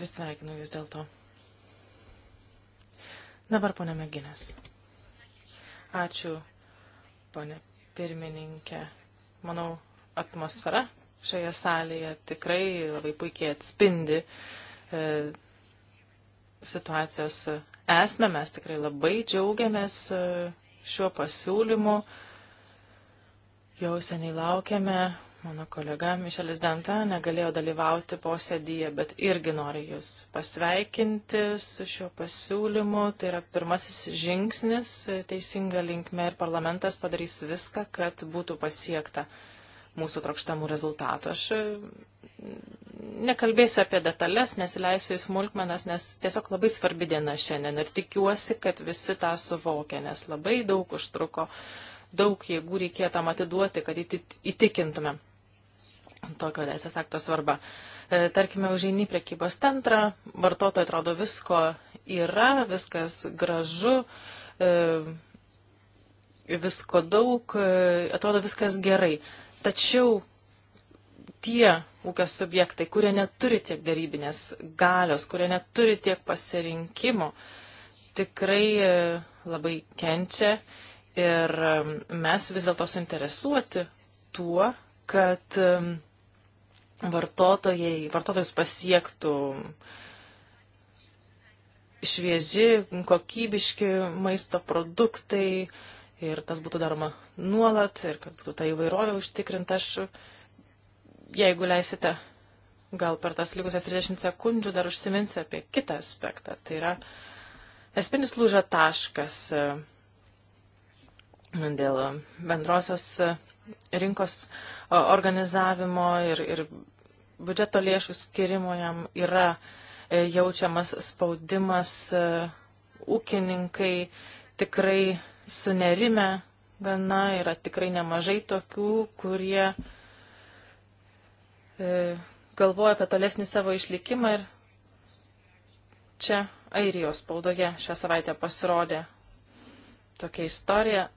ir sveikinu jūs dėl to. Dabar ponė Meginės. Ačiū, ponė pirmininkė. Manau, atmosfera šioje salėje tikrai labai puikiai atspindi e, situacijos esmę. Mes tikrai labai džiaugiamės e, šiuo pasiūlymu. E, Jau seniai laukiame, mano kolega Mišelis Danta negalėjo dalyvauti posėdyje, bet irgi noriu Jūs pasveikinti su šiuo pasiūlymu. Tai yra pirmasis žingsnis teisinga linkme ir parlamentas padarys viską, kad būtų pasiekta mūsų trokštamų rezultatų. Aš mm, nekalbėsiu apie detalės, nesileisiu į smulkmenas, nes tiesiog labai svarbi diena šiandien ir tikiuosi, kad visi tą suvokia, nes labai daug užtruko uh, daug jėgų reikėjo tam atiduoti, kad įtikintumėm tokio teisės akto svarbą. E, tarkime, užeini prekybos centrą, vartotojai atrodo visko yra, viskas gražu, e, visko daug, e, atrodo viskas gerai. Tačiau tie ūkio subjektai, kurie neturi tiek darybinės galios, kurie neturi tiek pasirinkimo, tikrai labai kenčia Ir mes vis dėlto suinteresuoti tuo, kad vartotojai, vartotojus pasiektų švieži, kokybiški maisto produktai ir tas būtų daroma nuolat ir kad būtų ta įvairovė užtikrinta. Aš, jeigu leisite, gal per tas likusias 30 sekundžių dar užsiminsiu apie kitą aspektą. Tai yra esminis lūžio taškas dėl bendrosios e, rinkos organizavimo ir, ir biudžeto lėšų skirimo jam yra e, jaučiamas spaudimas, e, ūkininkai tikrai sunerime gana, yra tikrai nemažai tokių, kurie galvoja apie tolesnį savo išlikimą ir čia Airijos spaudoje šią savaitę pasirodė tokia istorija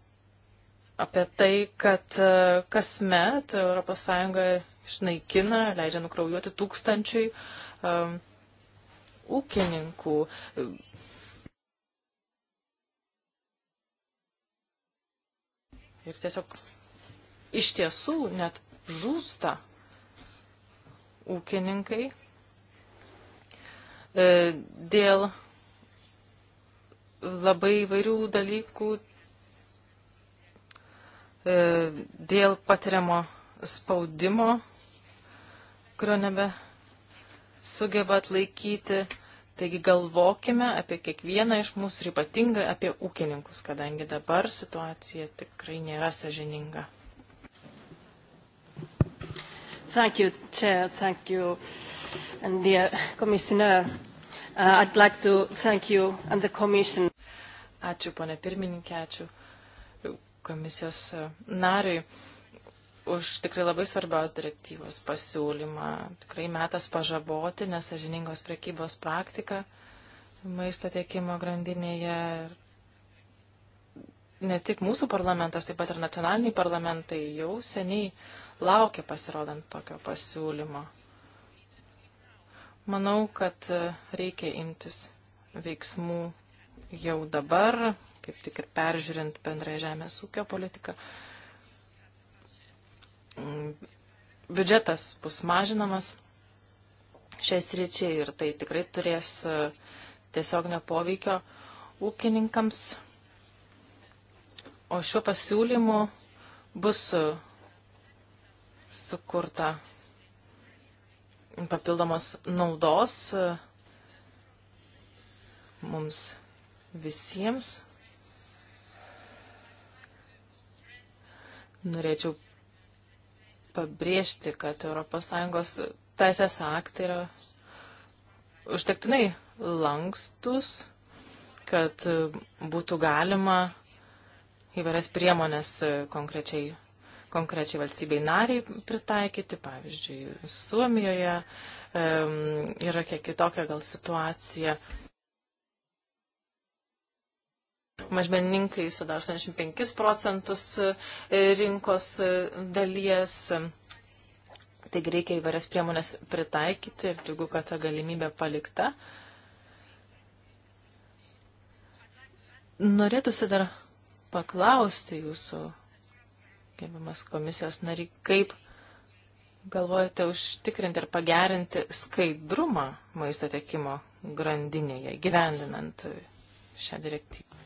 apie tai, kad e, kasmet ES išnaikina, leidžia nukraujuoti tūkstančiui um, ūkininkų. Ir tiesiog iš tiesų net žūsta ūkininkai e, dėl labai įvairių dalykų E, dėl patiriamo spaudimo, kurio nebe sugeba atlaikyti. Taigi galvokime apie kiekvieną iš mūsų ir ypatingai apie ūkininkus, kadangi dabar situacija tikrai nėra sažininga. Thank you, Chair. Thank you. And dear Commissioner, uh, I'd like to thank you and the Commission. Ačiū, ponė pirmininkė, ačiū komisijos e, nariui už tikrai labai svarbios direktyvos pasiūlymą. Tikrai metas pažaboti nesažiningos prekybos praktiką maisto tiekimo grandinėje. Ne tik mūsų parlamentas, taip pat ir nacionaliniai parlamentai jau seniai laukia pasirodant tokio pasiūlymo. Manau, kad e, reikia imtis veiksmų jau dabar, kaip tik ir peržiūrint bendrąją žemės ūkio politiką. Biudžetas bus mažinamas šiais ryčiai ir tai tikrai turės e, tiesiognio poveikio ūkininkams. O šiuo pasiūlymu bus e, sukurta papildomos naudos e, mums visiems. Norėčiau pabrėžti, kad ES teisės aktai yra užtektinai lankstus, kad būtų galima įvairias priemonės konkrečiai, konkrečiai valstybei nariai pritaikyti. Pavyzdžiui, Suomijoje um, yra kiek kitokia gal situacija mažmenininkai sudaro 85 procentus e, rinkos e, dalies. Taigi reikia įvairias priemonės pritaikyti ir džiugu, kad ta galimybė palikta. Norėtųsi dar paklausti jūsų, gerbiamas komisijos nariai, kaip galvojate užtikrinti ir pagerinti skaidrumą maisto tiekimo grandinėje, gyvendinant šią direktyvą?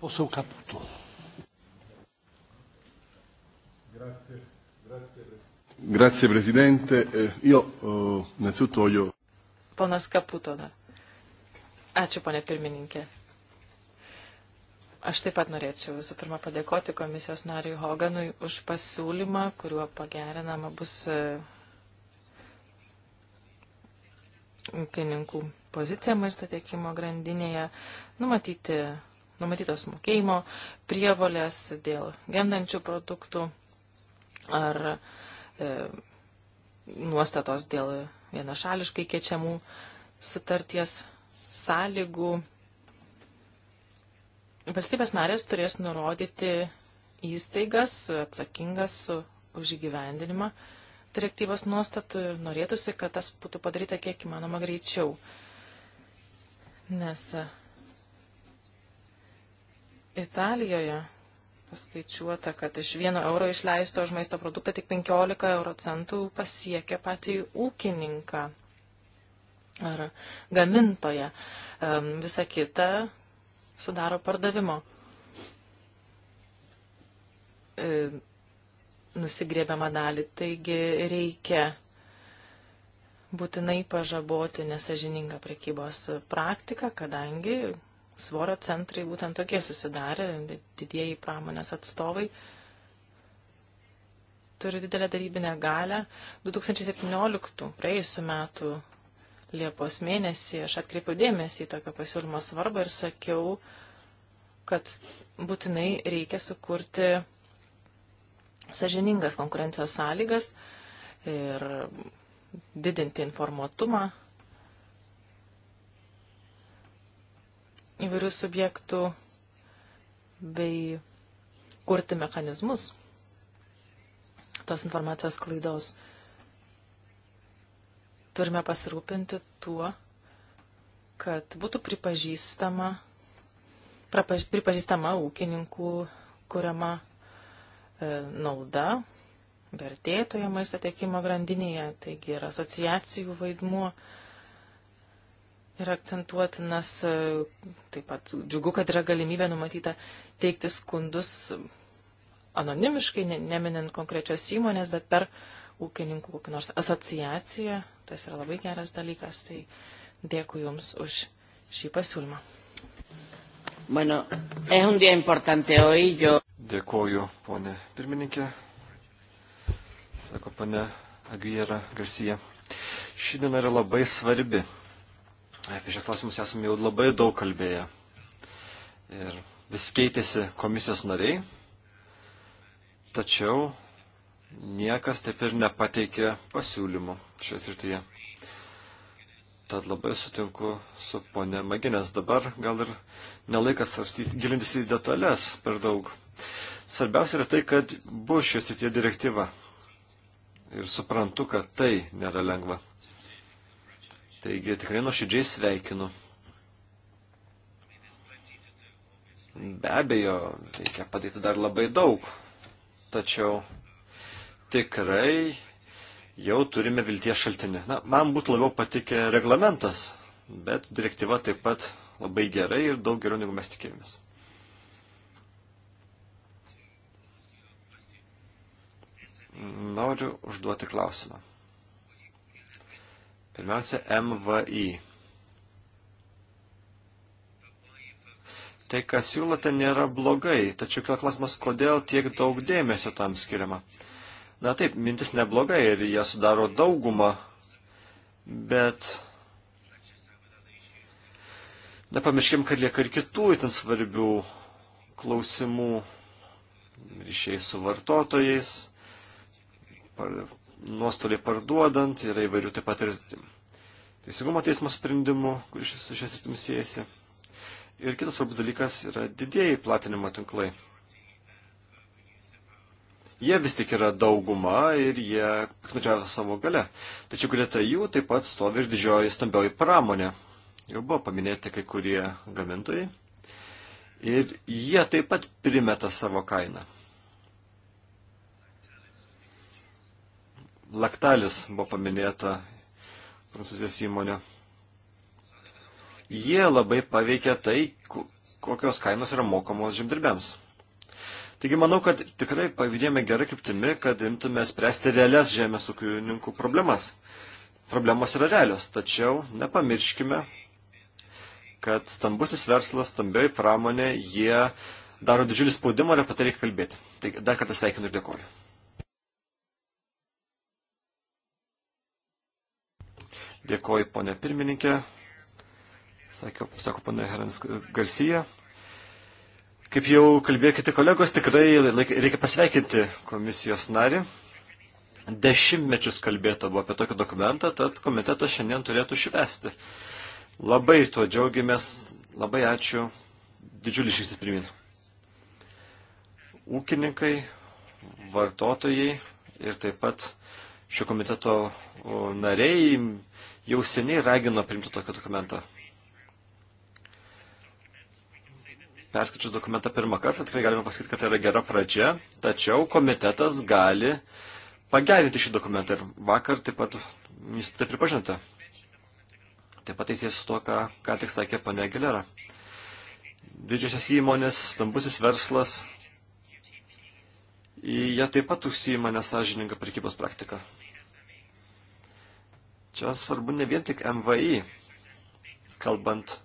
Posau Kaputo. Grazie, grazie. Grazie Presidente. Eh, io eh, innanzitutto voglio. Ponas Kaputo dar. Ačiū, ponė pirmininkė. Aš taip pat norėčiau visų pirma padėkoti komisijos nariui Hoganui už pasiūlymą, kuriuo pagerinama bus e, ūkininkų pozicija maisto tiekimo grandinėje, numatyti numatytos mokėjimo prievolės dėl gendančių produktų ar e, nuostatos dėl vienašališkai kečiamų sutarties sąlygų. Valstybės narės turės nurodyti įstaigas atsakingas už įgyvendinimą direktyvos nuostatų ir norėtųsi, kad tas būtų padaryta kiek įmanoma greičiau. Nes Italijoje paskaičiuota, kad iš vieno euro išleisto už maisto produktą tik 15 euro centų pasiekia patį ūkininką ar gamintoją. Visa kita sudaro pardavimo. E, Nusigrėbiamą dalį. Taigi reikia būtinai pažaboti nesažiningą prekybos praktiką, kadangi svorio centrai būtent tokie susidarė, didieji pramonės atstovai turi didelę darybinę galę. 2017 praėjusiu metu Liepos mėnesį aš atkreipiau dėmesį į tokio pasiūlymo svarbą ir sakiau, kad būtinai reikia sukurti sažiningas konkurencijos sąlygas ir didinti informuotumą įvairių subjektų bei kurti mechanizmus tos informacijos klaidos. Turime pasirūpinti tuo, kad būtų pripažįstama, prapaž, pripažįstama ūkininkų kuriama e, nauda vertėtoje maisto tiekimo grandinėje, taigi ir asociacijų vaidmuo. E, ir akcentuotinas. E, taip pat džiugu, kad yra galimybė numatyta teikti skundus anonimiškai, neminint konkrečios įmonės, bet per ūkininkų kokį nors asociaciją. Tas yra labai geras dalykas. Tai dėkui Jums už šį pasiūlymą. Bueno, es un día importante hoy. Yo... Dėkoju, ponė pirmininkė. Sako, ponė Aguilera Garcia. Ši diena yra labai svarbi. Apie šią klausimus esame jau labai daug kalbėję. Ir vis keitėsi komisijos nariai, tačiau niekas taip ir nepateikė pasiūlymų šioje srityje. Tad labai sutinku su ponė Maginės. Dabar gal ir nelaikas svarstyti, gilintis į detalės per daug. Svarbiausia yra tai, kad bus šios įtie direktyva. Ir suprantu, kad tai nėra lengva. Taigi tikrai nuoširdžiai sveikinu. Be abejo, reikia padaryti dar labai daug, tačiau tikrai jau turime vilties šaltinį. Na, man būtų labiau patikė reglamentas, bet direktyva taip pat labai gerai ir daug geriau negu mes tikėjomės. Noriu užduoti klausimą. Pirmiausia, MVI. Tai, ką siūlote, nėra blogai, tačiau kila klausimas, kodėl tiek daug dėmesio tam skiriama. Na taip, mintis neblogai ir jie sudaro daugumą, bet nepamirškim, kad lieka ir kitų itin svarbių klausimų ryšiai su vartotojais, nuostoliai parduodant, yra įvairių taip pat ir teisingumo teismo sprendimų, kuris su šias įtim siejasi. Ir kitas svarbus dalykas yra didėjai platinimo tinklai. Jie vis tik yra dauguma ir jie piknudžiavo savo gale. Tačiau greta jų taip pat stovi ir didžioji stambioji pramonė. Jau buvo paminėti kai kurie gamintojai. Ir jie taip pat primeta savo kainą. Laktalis buvo paminėta prancūzijos įmonė. Jie labai paveikia tai, kokios kainos yra mokamos žemdirbėms. Taigi manau, kad tikrai pavydėjome gerai kryptimi, kad imtume spręsti realias žemės ūkininkų problemas. Problemos yra realios, tačiau nepamirškime, kad stambusis verslas, stambioji pramonė, jie daro didžiulį spaudimą ir apie tai reikia kalbėti. Taigi dar kartą sveikinu ir dėkoju. Dėkoju, ponė pirmininkė, sako, sako ponė Herans Garcija. Kaip jau kalbėjo kiti kolegos, tikrai reikia pasveikinti komisijos narį. Dešimtmečius kalbėta buvo apie tokį dokumentą, tad komitetas šiandien turėtų švesti. Labai tuo džiaugiamės, labai ačiū, didžiulis žingsnis pirmin. Ūkininkai, vartotojai ir taip pat šio komiteto nariai jau seniai ragino priimti tokį dokumentą. Perskaičius dokumentą pirmą kartą, tikrai galime pasakyti, kad tai yra gera pradžia, tačiau komitetas gali pagerinti šį dokumentą ir vakar taip pat jūs tai pripažinote. Taip pat teisės su to, ką, ką tik sakė pane Gilera. Didžiosios įmonės, stambusis verslas, jie taip pat užsijima nesažininką prekybos praktiką. Čia svarbu ne vien tik MVI, kalbant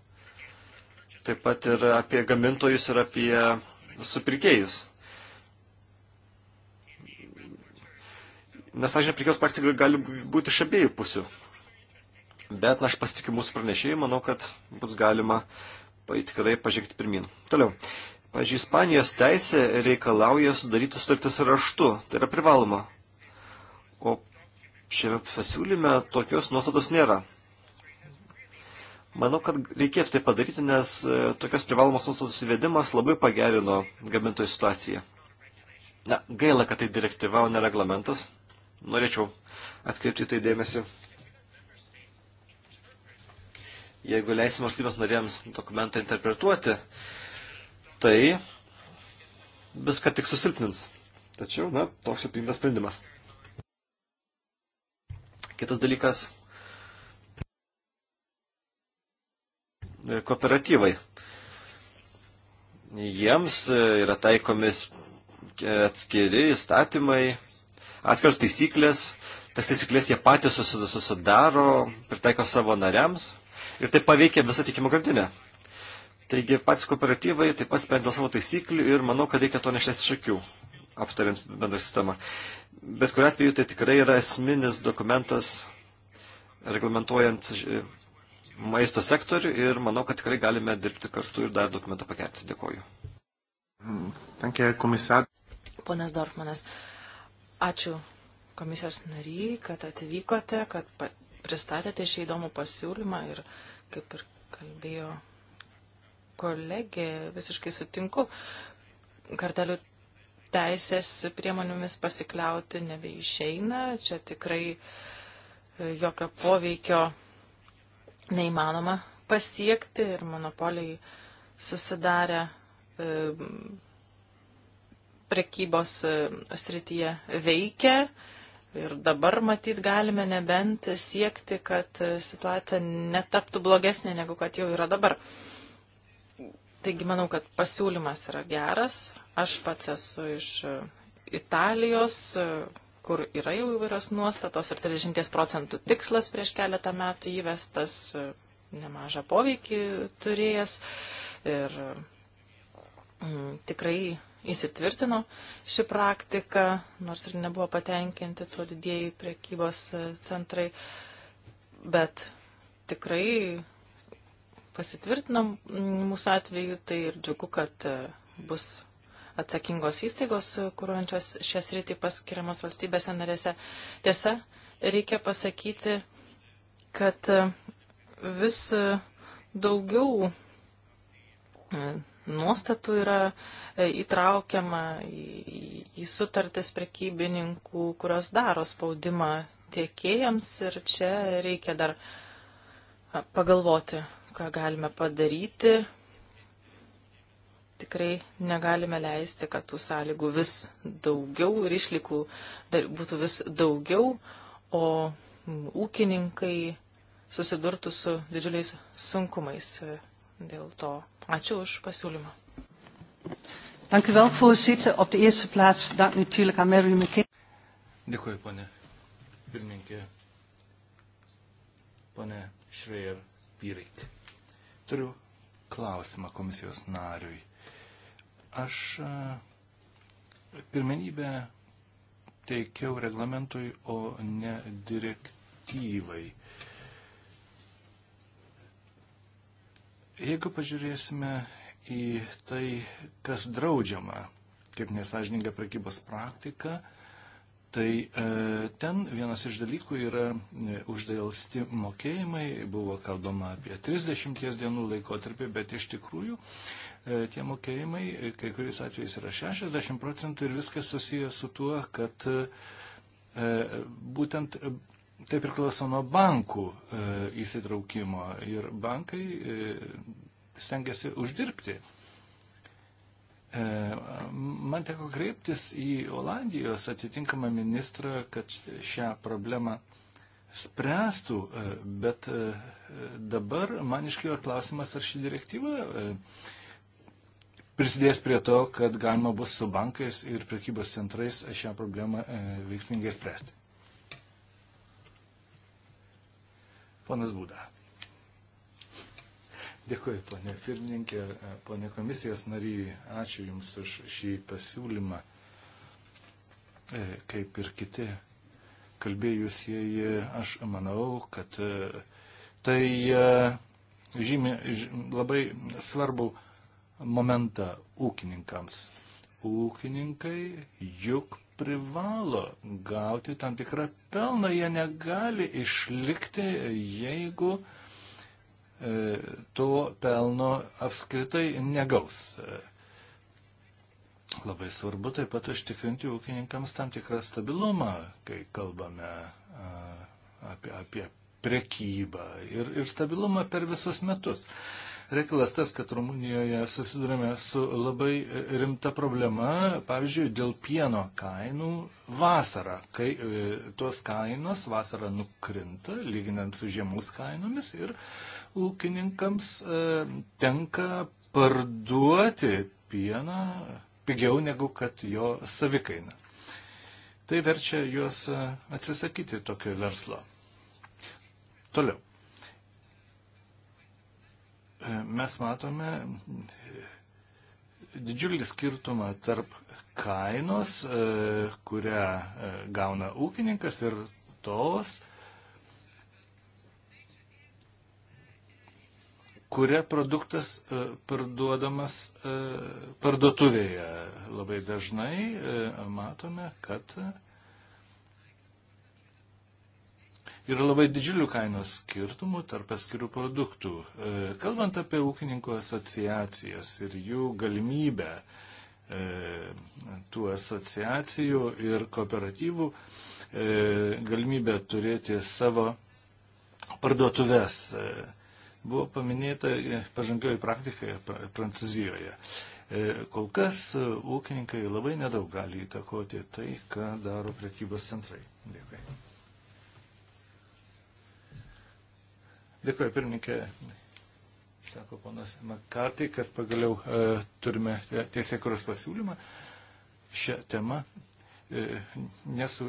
taip pat ir apie gamintojus ir apie supirkėjus. Nes, aišku, prikės praktika gali būti iš abiejų pusių. Bet na, aš pasitikiu mūsų pranešėjai, manau, kad bus galima tikrai pažengti pirmin. Toliau. Pavyzdžiui, Ispanijos teisė reikalauja sudaryti sutartis raštu. Tai yra privaloma šiame pasiūlyme tokios nuostatos nėra. Manau, kad reikėtų tai padaryti, nes e, tokios privalomos nuostatos įvedimas labai pagerino gamintojų situaciją. Na, gaila, kad tai direktyva, o ne reglamentas. Norėčiau atkreipti tai dėmesį. Jeigu leisime valstybės norėjams dokumentą interpretuoti, tai viską tik susilpnins. Tačiau, na, toks jau priimtas sprendimas. Kitas dalykas - kooperatyvai. Jiems e, yra taikomis e, atskiri įstatymai, atskiros taisyklės, tas taisyklės jie patys susidaro, pritaiko savo nariams ir tai paveikia visą tikimo grandinę. Taigi patys kooperatyvai taip pat sprendė savo taisyklių ir manau, kad reikia to nešlės iš akių aptariant bendrą sistemą. Bet kuriu atveju tai tikrai yra esminis dokumentas reglamentuojant maisto sektorių ir manau, kad tikrai galime dirbti kartu ir dar dokumentą pakelti. Dėkoju. Tankė komisar. Ponas Dorfmanas, ačiū komisijos nariai, kad atvykote, kad pristatėte šį įdomų pasiūlymą ir kaip ir kalbėjo kolegė, visiškai sutinku, kartelių teisės priemonėmis pasikliauti nebeišeina. Čia tikrai e, jokio poveikio neįmanoma pasiekti ir monopoliai susidarę e, prekybos e, srityje veikia. Ir dabar matyt galime nebent siekti, kad situacija netaptų blogesnė negu kad jau yra dabar. Taigi manau, kad pasiūlymas yra geras, Aš pats esu iš e, Italijos, e, kur yra jau įvairios nuostatos ir 30 procentų tikslas prieš keletą metų įvestas, e, nemažą poveikį turėjęs ir mm, tikrai įsitvirtino ši praktika, nors ir nebuvo patenkinti tuo didėjai priekybos centrai, bet tikrai pasitvirtinam mūsų atveju, tai ir džiugu, kad bus atsakingos įstaigos, kuriuojančios šias rytį paskiriamos valstybėse narėse. Tiesa, reikia pasakyti, kad e, vis e, daugiau e, nuostatų yra įtraukiama į, į sutartis prekybininkų, kurios daro spaudimą tiekėjams ir čia reikia dar pagalvoti, ką galime padaryti, tikrai negalime leisti, kad tų sąlygų vis daugiau ir išlikų būtų vis daugiau, o ūkininkai susidurtų su didžiuliais sunkumais dėl to. Ačiū už pasiūlymą. Dank u wel, voorzitter. Op de eerste plaats dank natuurlijk aan Mary McKinney. Dėkui, ponė pirmininkė. Pone Šrejer Pyrik. Turiu klausimą komisijos nariui. Aš e, pirmenybę teikiau reglamentui, o ne direktyvai. Jeigu pažiūrėsime į tai, kas draudžiama kaip nesažininga prekybos praktika, tai e, ten vienas iš dalykų yra e, uždėlsti mokėjimai, buvo kalbama apie 30 dienų laikotarpį, bet iš tikrųjų E, tie mokėjimai e, kai kuriais atvejais yra 60 procentų ir viskas susijęs su tuo, kad e, būtent tai priklauso nuo bankų įsitraukimo ir bankai stengiasi uždirbti. Man teko kreiptis į Olandijos atitinkamą ministrą, kad šią problemą spręstų, bet dabar man iškyla klausimas, ar ši direktyva prisidės prie to, kad galima bus su bankais ir prekybos centrais šią problemą e, veiksmingai spręsti. Ponas Būda. Dėkuoju, ponė pirmininkė, e, ponė komisijos nariai, ačiū Jums už šį pasiūlymą. E, kaip ir kiti kalbėjusieji, aš manau, kad tai žymi labai svarbu momentą ūkininkams. Ūkininkai juk privalo gauti tam tikrą pelną, jie negali išlikti, jeigu e, to pelno apskritai negaus. Labai svarbu taip pat užtikrinti ūkininkams tam tikrą stabilumą, kai kalbame a, apie, apie prekybą ir, ir stabilumą per visus metus. A, Reikalas tas, kad Rumunijoje susidurime su labai rimta problema, pavyzdžiui, dėl pieno kainų vasarą, kai e, tuos kainos vasarą nukrinta, lyginant su žiemos kainomis, ir ūkininkams e, tenka parduoti pieną pigiau negu kad jo savikaina. Tai verčia juos e, atsisakyti tokio verslo. Toliau mes matome didžiulį skirtumą tarp kainos, e, kurią e, gauna ūkininkas ir tos, kuria produktas e, parduodamas parduotuvėje. Labai dažnai matome, kad yra labai didžiulių kainos skirtumų tarp atskirų produktų. E, kalbant apie ūkininkų asociacijas ir jų galimybę e, tų asociacijų ir kooperatyvų e, galimybę turėti savo parduotuvės. Buvo paminėta pažangioji praktika Prancūzijoje. Kol kas ūkininkai labai nedaug gali įtakoti tai, ką daro prekybos centrai. Dėkui. Dėkuoju, pirmininkė, sako ponas Makartai, kad pagaliau e, turime teisėkuros pasiūlymą šią temą. E, nesu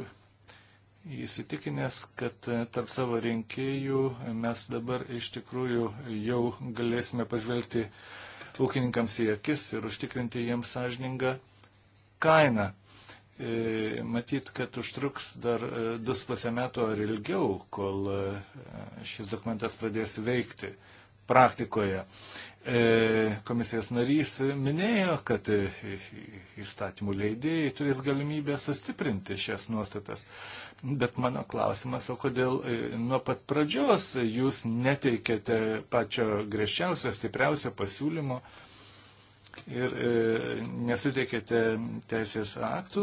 įsitikinęs, kad e, tarp savo rinkėjų mes dabar iš tikrųjų jau galėsime pažvelgti ūkininkams į akis ir užtikrinti jiems sąžiningą kainą. E, matyt, kad užtruks dar 2,5 e, metų ar ilgiau, kol e, šis dokumentas pradės veikti praktikoje. Komisijos narys minėjo, kad įstatymų leidėjai turės galimybę sustiprinti šias nuostatas. Bet mano klausimas, o kodėl nuo pat pradžios jūs neteikėte pačio greščiausio, stipriausio pasiūlymo? ir e, nesuteikėte teisės aktų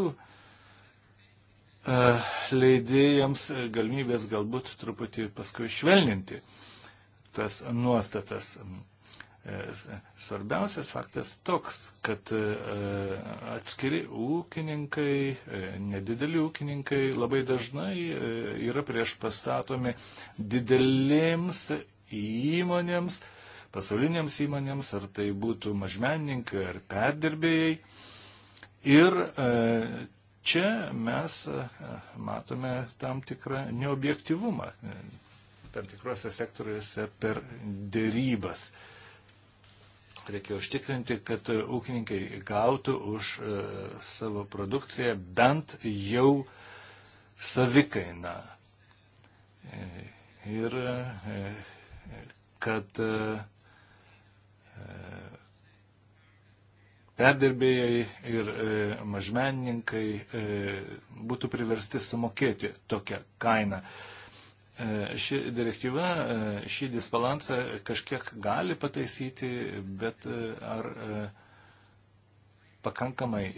e, leidėjams galimybės galbūt truputį paskui švelninti tas nuostatas. E, svarbiausias faktas toks, kad e, atskiri ūkininkai, e, nedideli ūkininkai labai dažnai yra prieš pastatomi didelėms įmonėms, pasaulinėms įmonėms, ar tai būtų mažmenininkai ar perdirbėjai. Ir e, čia mes e, matome tam tikrą neobjektivumą e, tam tikrose sektoriuose per dėrybas. Reikia užtikrinti, kad ūkininkai gautų už savo produkciją bent jau savikainą. Ir kad perdirbėjai ir e, mažmenininkai e, būtų priversti sumokėti tokią kainą. E, ši direktyva e, šį disbalansą kažkiek gali pataisyti, bet e, ar e, pakankamai e,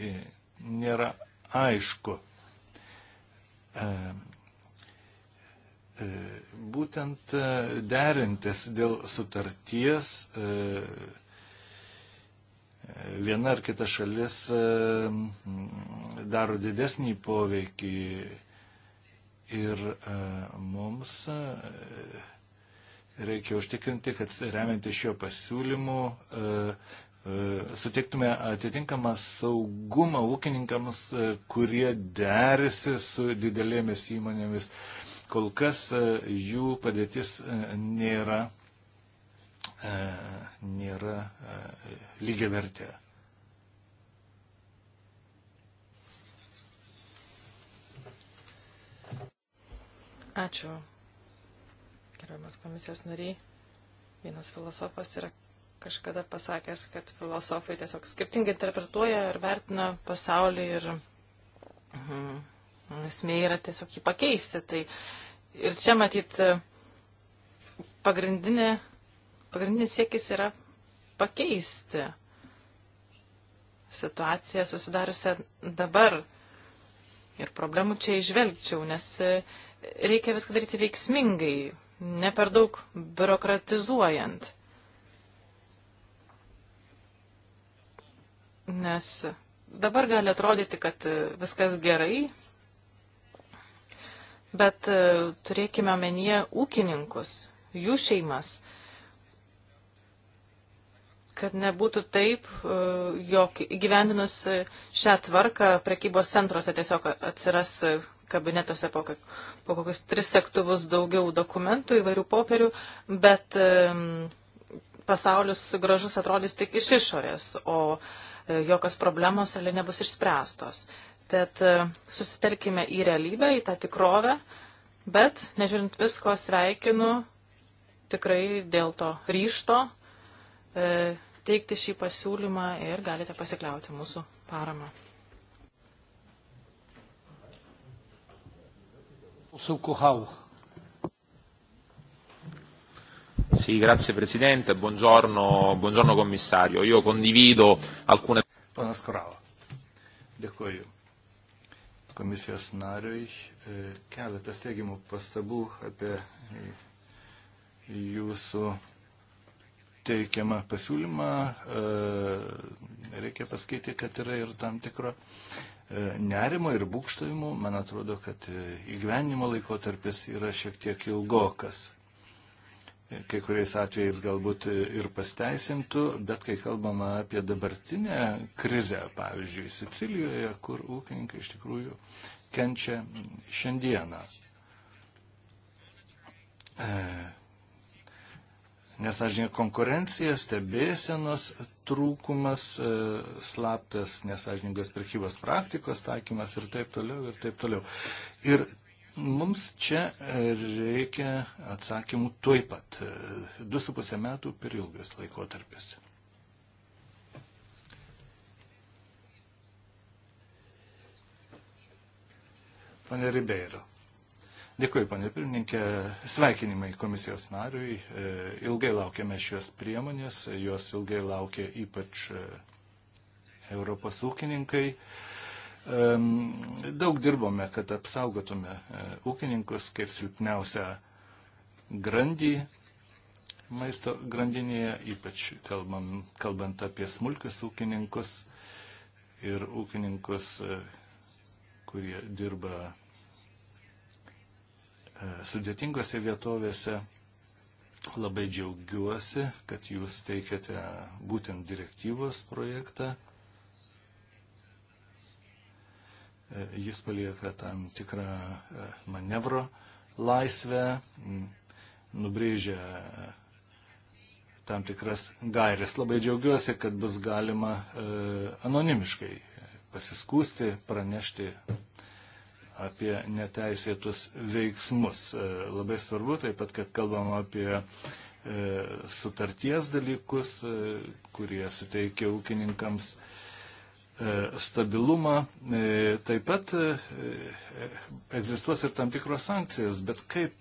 nėra aišku. E, e Būtent e, derintis dėl sutarties e, viena ar kita šalis e, daro didesnį poveikį ir e, mums e, reikia užtikrinti, kad remianti šio pasiūlymu suteiktume atitinkamą saugumą ūkininkams, kurie derisi su didelėmis įmonėmis. Kol kas jų padėtis nėra E, nėra e, lygia vertė. Ačiū. Gerbiamas komisijos nariai. Vienas filosofas yra kažkada pasakęs, kad filosofai tiesiog skirtingai interpretuoja ir vertina pasaulį ir mhm. esmė yra tiesiog jį pakeisti. Tai ir čia matyt e, pagrindinė Pagrindinis siekis yra pakeisti situaciją susidariusią dabar. Ir problemų čia išvelgčiau, nes e, reikia viską daryti veiksmingai, ne per daug biurokratizuojant. Nes dabar gali atrodyti, kad e, viskas gerai, bet e, turėkime omenyje ūkininkus, jų šeimas, kad nebūtų taip, e, jog gyvendinus šią tvarką prekybos centruose tiesiog atsiras kabinetuose po, po kokius tris sektuvus daugiau dokumentų įvairių popierių, bet pasaulis gražus atrodys tik iš išorės, o e, jokios problemos realiai nebus išspręstos. Tad e, susitelkime į realybę, į tą tikrovę, bet nežiūrint visko sveikinu tikrai dėl to ryšto E, teikti šį pasiūlymą ir galite pasikliauti mūsų paramą. Sì, grazie Presidente, buongiorno, buongiorno Commissario. Io condivido alcune. Ponas Korava, dėkuoju komisijos nariui. E, keletas teigiamų pastabų apie jūsų teikiamą pasiūlymą, e, reikia pasakyti, kad yra ir tam tikro e, nerimo ir būkštavimų. Man atrodo, kad e, įgyvenimo laikotarpis yra šiek tiek ilgokas. Kai kuriais atvejais galbūt ir pasteisintų, bet kai kalbama apie dabartinę krizę, pavyzdžiui, Sicilijoje, kur ūkininkai iš tikrųjų kenčia šiandieną. E nesažinė konkurencija, stebėsenos trūkumas, e, slaptas nesažiningos prekybos praktikos taikymas ir taip toliau, ir taip toliau. Ir mums čia e, reikia atsakymų tuoj pat. 2,5 e, metų per ilgas laikotarpis. Pane Ribeiro. Dėkuoju, panė pirmininkė. Sveikinimai komisijos nariui. E, ilgai laukėme šios priemonės, jos ilgai laukė ypač e, Europos ūkininkai. Daug dirbome, kad apsaugotume e, ūkininkus kaip silpniausią grandį maisto grandinėje, ypač kalbam, kalbant apie smulkius ūkininkus ir ūkininkus, kurie dirba E, sudėtingose vietovėse. Labai džiaugiuosi, kad jūs teikiate būtent direktyvos projektą. E, jis palieka tam tikrą e, manevro laisvę, nubrėžia tam tikras gairės. Labai džiaugiuosi, kad bus galima anonimiškai pasiskūsti, pranešti apie neteisėtus veiksmus. E, labai svarbu taip pat, kad kalbam apie e, sutarties dalykus, e, kurie suteikia ūkininkams stabilumą. Taip pat egzistuos ir tam tikros sankcijos, bet kaip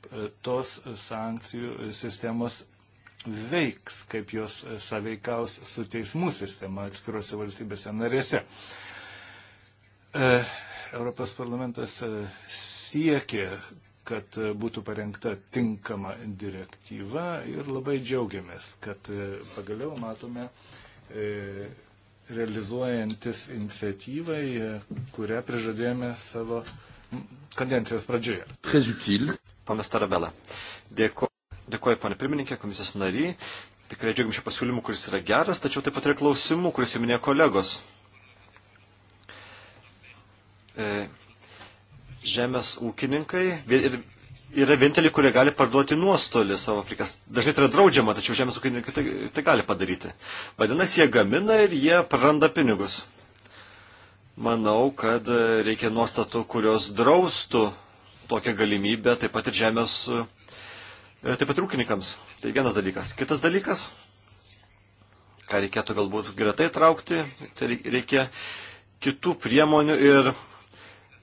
tos sankcijų sistemos veiks, kaip jos saveikaus su teismų sistema atskiruose valstybėse narėse. Europos parlamentas e, siekė, kad e, būtų parengta tinkama direktyva ir labai džiaugiamės, kad e, pagaliau matome realizuojantis iniciatyvai, kurią prižadėjome savo kadencijos pradžioje. Panas Tarabela, dėkuoju, dėkuoju panė pirmininkė, komisijos nariai. Tikrai džiaugiam šio pasiūlymu, kuris yra geras, tačiau taip pat yra klausimų, kuris jau minėjo kolegos. E, žemės ūkininkai yra vieninteliai, kurie gali parduoti nuostolį savo prikas. Dažnai tai yra draudžiama, tačiau žemės ūkininkai tai, tai gali padaryti. Vadinasi, jie gamina ir jie praranda pinigus. Manau, kad e, reikia nuostatų, kurios draustų tokią galimybę taip pat ir žemės, e, taip pat ir ūkininkams. Tai vienas dalykas. Kitas dalykas, ką reikėtų galbūt gretai traukti, tai reikia kitų priemonių ir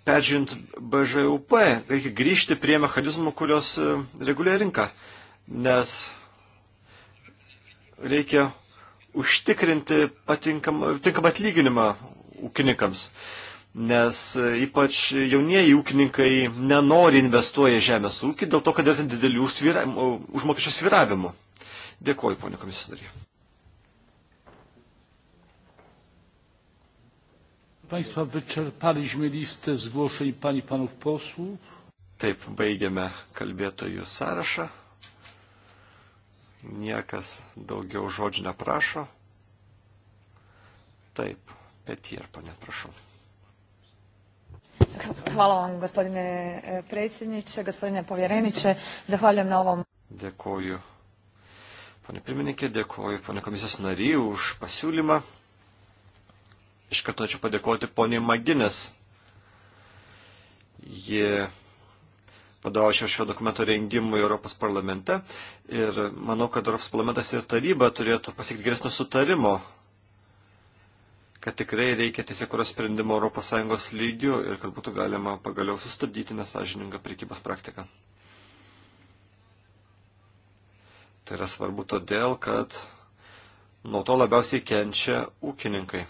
peržiūrint BŽUP, reikia grįžti prie mechanizmų, kurios e, reguliuoja rinką, nes reikia užtikrinti patinkamą, tinkamą atlyginimą ūkininkams, nes e, ypač jaunieji ūkininkai nenori investuoja žemės ūkį dėl to, kad yra didelių svira, užmokesčių sviravimų. Dėkuoju, ponė komisijos nariai. Państwa, wyczerpaliśmy listę zgłoszeń pani panów posłów. Taip, baigiame kalbėtojų sąrašą. Niekas daugiau žodžių neprašo. Taip, Petier, pane, prašau. Hvala vam, gospodine e, predsjedniče, gospodine povjereniče. Zahvaljujem na ovom. Dėkoju, pane pirmininkė, dėkoju, pane komisijos nary, už pasiūlymą. Iš karto norėčiau padėkoti poniai Maginis. Ji vadovavo šio, šio dokumento rengimui Europos parlamente ir manau, kad Europos parlamentas ir taryba turėtų pasiekti geresnio sutarimo, kad tikrai reikia tiesiekuros sprendimo ES lygių ir kad būtų galima pagaliau sustabdyti nesažiningą prekybos praktiką. Tai yra svarbu todėl, kad nuo to labiausiai kenčia ūkininkai.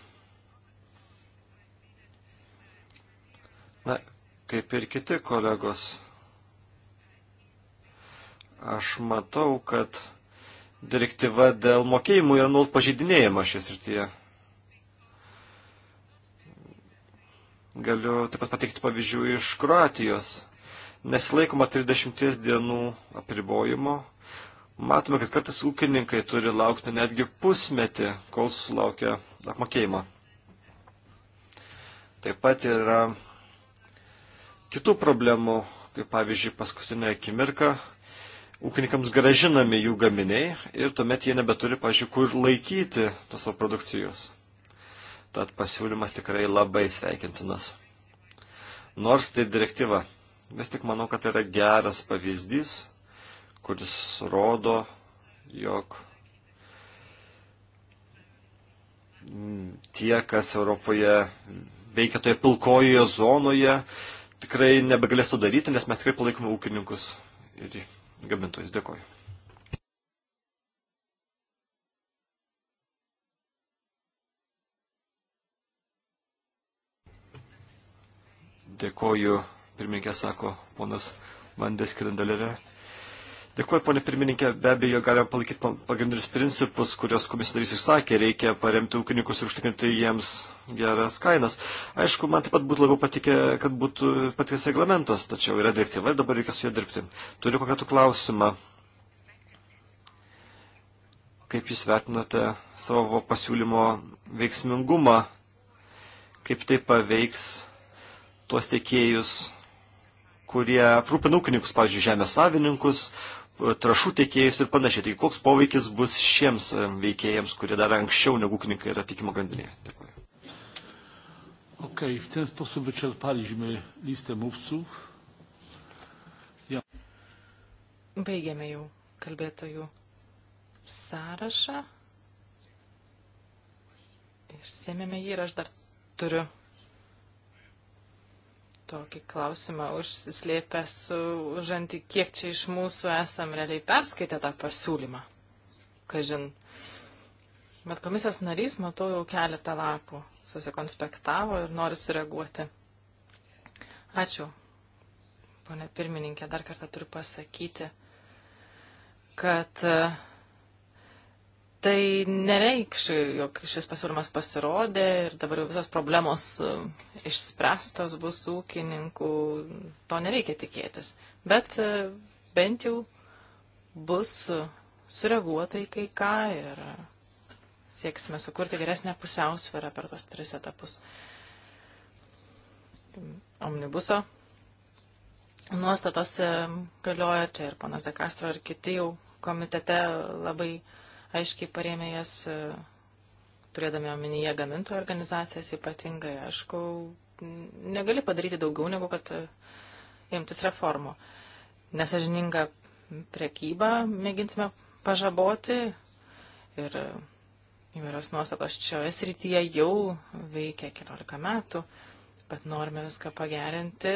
Na, kaip ir kiti kolegos, aš matau, kad direktyva dėl mokėjimų yra nuolat pažydinėjama šis rytyje. Galiu taip pat pateikti pavyzdžių iš Kroatijos. Nesilaikoma 30 dienų apribojimo. Matome, kad kartais ūkininkai turi laukti netgi pusmetį, kol sulaukia apmokėjimą. Taip pat yra kitų problemų, kaip pavyzdžiui paskutinę akimirką ūkininkams gražinami jų gaminiai ir tuomet jie nebeturi, pažiūrėjau, kur laikyti tos savo produkcijos. Tad pasiūlymas tikrai labai sveikintinas. Nors tai direktyva, vis tik manau, kad tai yra geras pavyzdys, kuris rodo, jog tie, kas Europoje veikia toje pilkojoje zonoje, tikrai nebegalės to daryti, nes mes tikrai palaikome ūkininkus ir gamintojus. Dėkoju. Dėkoju, pirmininkė sako ponas Vandės Krendalerė. Dėkuoju, ponė pirmininkė, be abejo galima palaikyti pagrindinius principus, kurios komisija darys išsakė, reikia paremti ūkininkus ir užtikrinti jiems geras kainas. Aišku, man taip pat būtų labiau patikė, kad būtų patikęs reglamentas, tačiau yra direktyva ir dabar reikia su juo dirbti. Turiu konkretų klausimą. Kaip jūs vertinote savo pasiūlymo veiksmingumą, kaip tai paveiks tuos tiekėjus, kurie aprūpina ūkininkus, pavyzdžiui, žemės savininkus, trašų tiekėjus ir panašiai. Tai koks poveikis bus šiems e, veikėjams, kurie dar anksčiau negu ūkininkai yra tikimo grandinėje? Dėkuoju. Okay, w ten sposób wyczerpaliśmy listę mówców. Ja... Baigėme jau kalbėtojų sąrašą. Išsėmėme jį ir aš dar turiu tokį klausimą užsislėpęs užantį, kiek čia iš mūsų esam realiai perskaitę tą pasiūlymą. Kažin. Bet komisijos narys, matau, jau keletą lapų susikonspektavo ir nori sureaguoti. Ačiū, ponė pirmininkė, dar kartą turiu pasakyti, kad uh, tai nereikš, jog šis pasiūlymas pasirodė ir dabar jau visos problemos e, išspręstos bus ūkininkų, to nereikia tikėtis. Bet e, bent jau bus sureaguota į kai ką ir sieksime sukurti geresnę pusiausvyrą per tos tris etapus. Omnibuso nuostatos e, galioja, čia ir ponas Dekastro ir kiti jau komitete labai uh, aiškiai parėmė jas, e, turėdami omenyje gamintojų organizacijas ypatingai, aišku, negali padaryti daugiau negu kad e, imtis reformų. Nesažininga prekyba mėginsime pažaboti ir e, įvairios nuostatos šioje srityje jau veikia keliolika metų, bet norime viską pagerinti,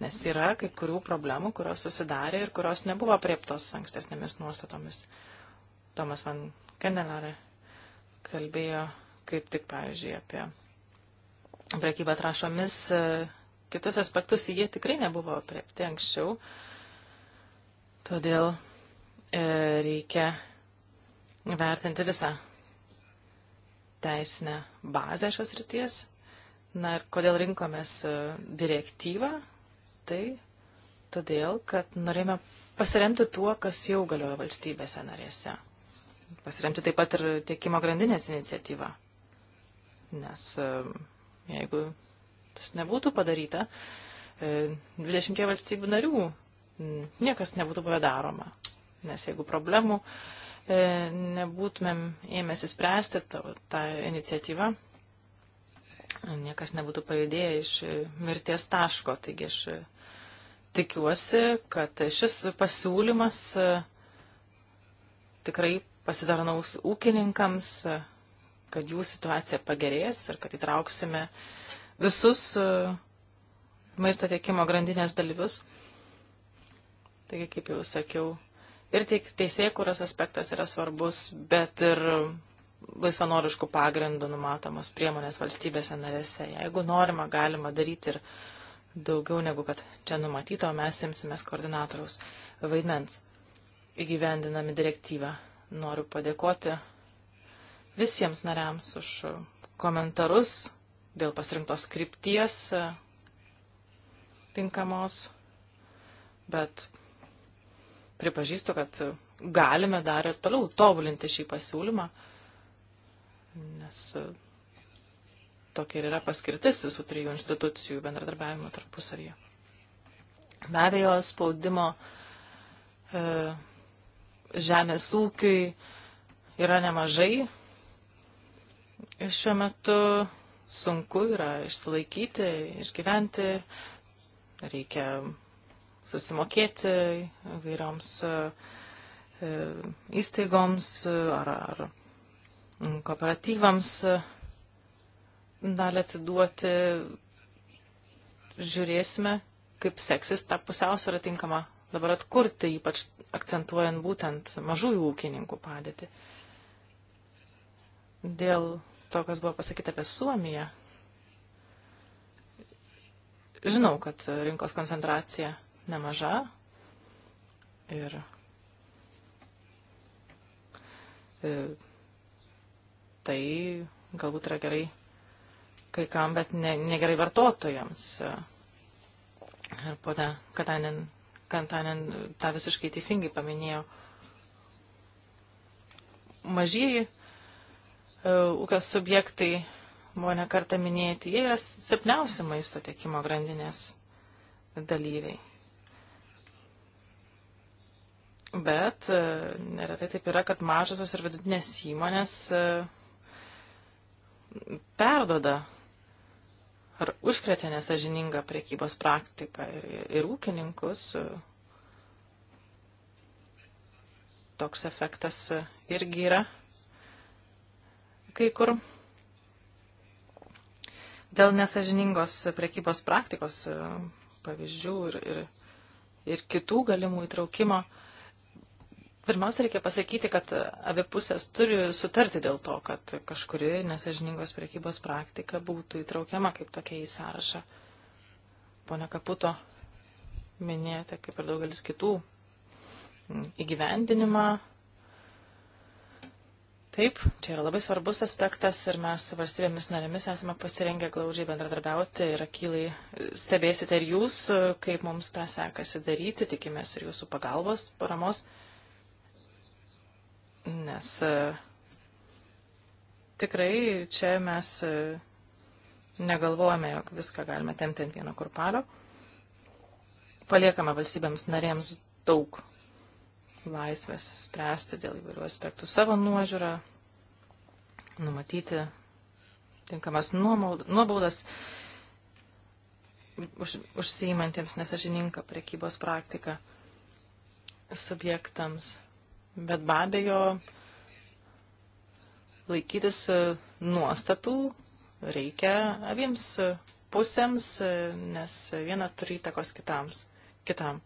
nes yra kai kurių problemų, kurios susidarė ir kurios nebuvo prieptos ankstesnėmis nuostatomis. Tomas Van Kendelare kalbėjo kaip tik, pavyzdžiui, apie prekybą trašomis. E, kitus aspektus jie tikrai nebuvo priepti anksčiau. Todėl e, reikia vertinti visą teisinę bazę šios ryties. Na ir kodėl rinkomės e, direktyvą? Tai todėl, kad norėjome pasiremti tuo, kas jau galioja valstybėse narėse pasiremti taip pat ir tiekimo grandinės iniciatyvą. Nes e, jeigu tas nebūtų padaryta, 20 e, valstybių narių niekas nebūtų buvę daroma. Nes jeigu problemų e, nebūtumėm ėmėsi spręsti tą, tą iniciatyvą, niekas nebūtų pajudėję iš mirties taško. Taigi aš tikiuosi, kad šis pasiūlymas tikrai pasidarnaus ūkininkams, kad jų situacija pagerės ir kad įtrauksime visus e, maisto tiekimo grandinės dalyvius. Taigi, kaip jau sakiau, ir teisėjai, kurios aspektas yra svarbus, bet ir laisvanoriškų pagrindų numatomos priemonės valstybėse narėse. Jeigu norima, galima daryti ir daugiau negu kad čia numatyta, o mes imsimės koordinatoriaus vaidmens įgyvendinami direktyvą. Noriu padėkoti visiems nariams už komentarus dėl pasirinktos krypties e, tinkamos, bet pripažįstu, kad galime dar ir toliau tobulinti šį pasiūlymą, nes e, tokia ir yra paskirtis visų trijų institucijų bendradarbiavimo tarpusavyje. Be abejo, spaudimo e, žemės ūkiui yra nemažai. Ir šiuo metu sunku yra išsilaikyti, išgyventi, reikia susimokėti vairioms e, įstaigoms ar, ar kooperatyvams dalį atiduoti. Žiūrėsime, kaip seksis tą pusiausvyrą tinkamą dabar atkurti, ypač akcentuojant būtent mažųjų ūkininkų padėtį. Dėl to, kas buvo pasakyta apie Suomiją, žinau, kad rinkos koncentracija nemaža ir e, tai galbūt yra gerai kai kam, bet ne, negerai vartotojams. E, ir ponia Katainen Kantanen tą visiškai teisingai paminėjo. Mažieji e, ūkio subjektai buvo nekarta minėti, jie yra silpniausi maisto tiekimo grandinės dalyviai. Bet e, neretai taip yra, kad mažosios ir vidutinės įmonės e, perdoda ar užkrečia nesažininga priekybos praktika ir, ir ūkininkus. Toks efektas irgi yra kai kur. Dėl nesažiningos priekybos praktikos pavyzdžių ir, ir, ir kitų galimų įtraukimo Pirmiausia, reikia pasakyti, kad abi pusės turi sutarti dėl to, kad kažkuri nesažiningos prekybos praktika būtų įtraukiama kaip tokia į sąrašą. Pone Kaputo, minėjote, kaip ir daugelis kitų, įgyvendinimą. Taip, čia yra labai svarbus aspektas ir mes su valstybėmis narėmis esame pasirengę glaudžiai bendradarbiauti ir akylai stebėsite ir jūs, kaip mums tą sekasi daryti, tikimės ir jūsų pagalbos, paramos. Nes e, tikrai čia mes e, negalvojame, jog viską galime temti ant vieno kurpalio. Paliekame valstybėms narėms daug laisvės spręsti dėl įvairių aspektų savo nuožiūrą, numatyti tinkamas nuobaudas už, užsiimantiems nesažininką prekybos praktiką subjektams. Bet be abejo, laikytis e, nuostatų reikia abiems pusėms, e, nes viena turi įtakos kitams, kitam.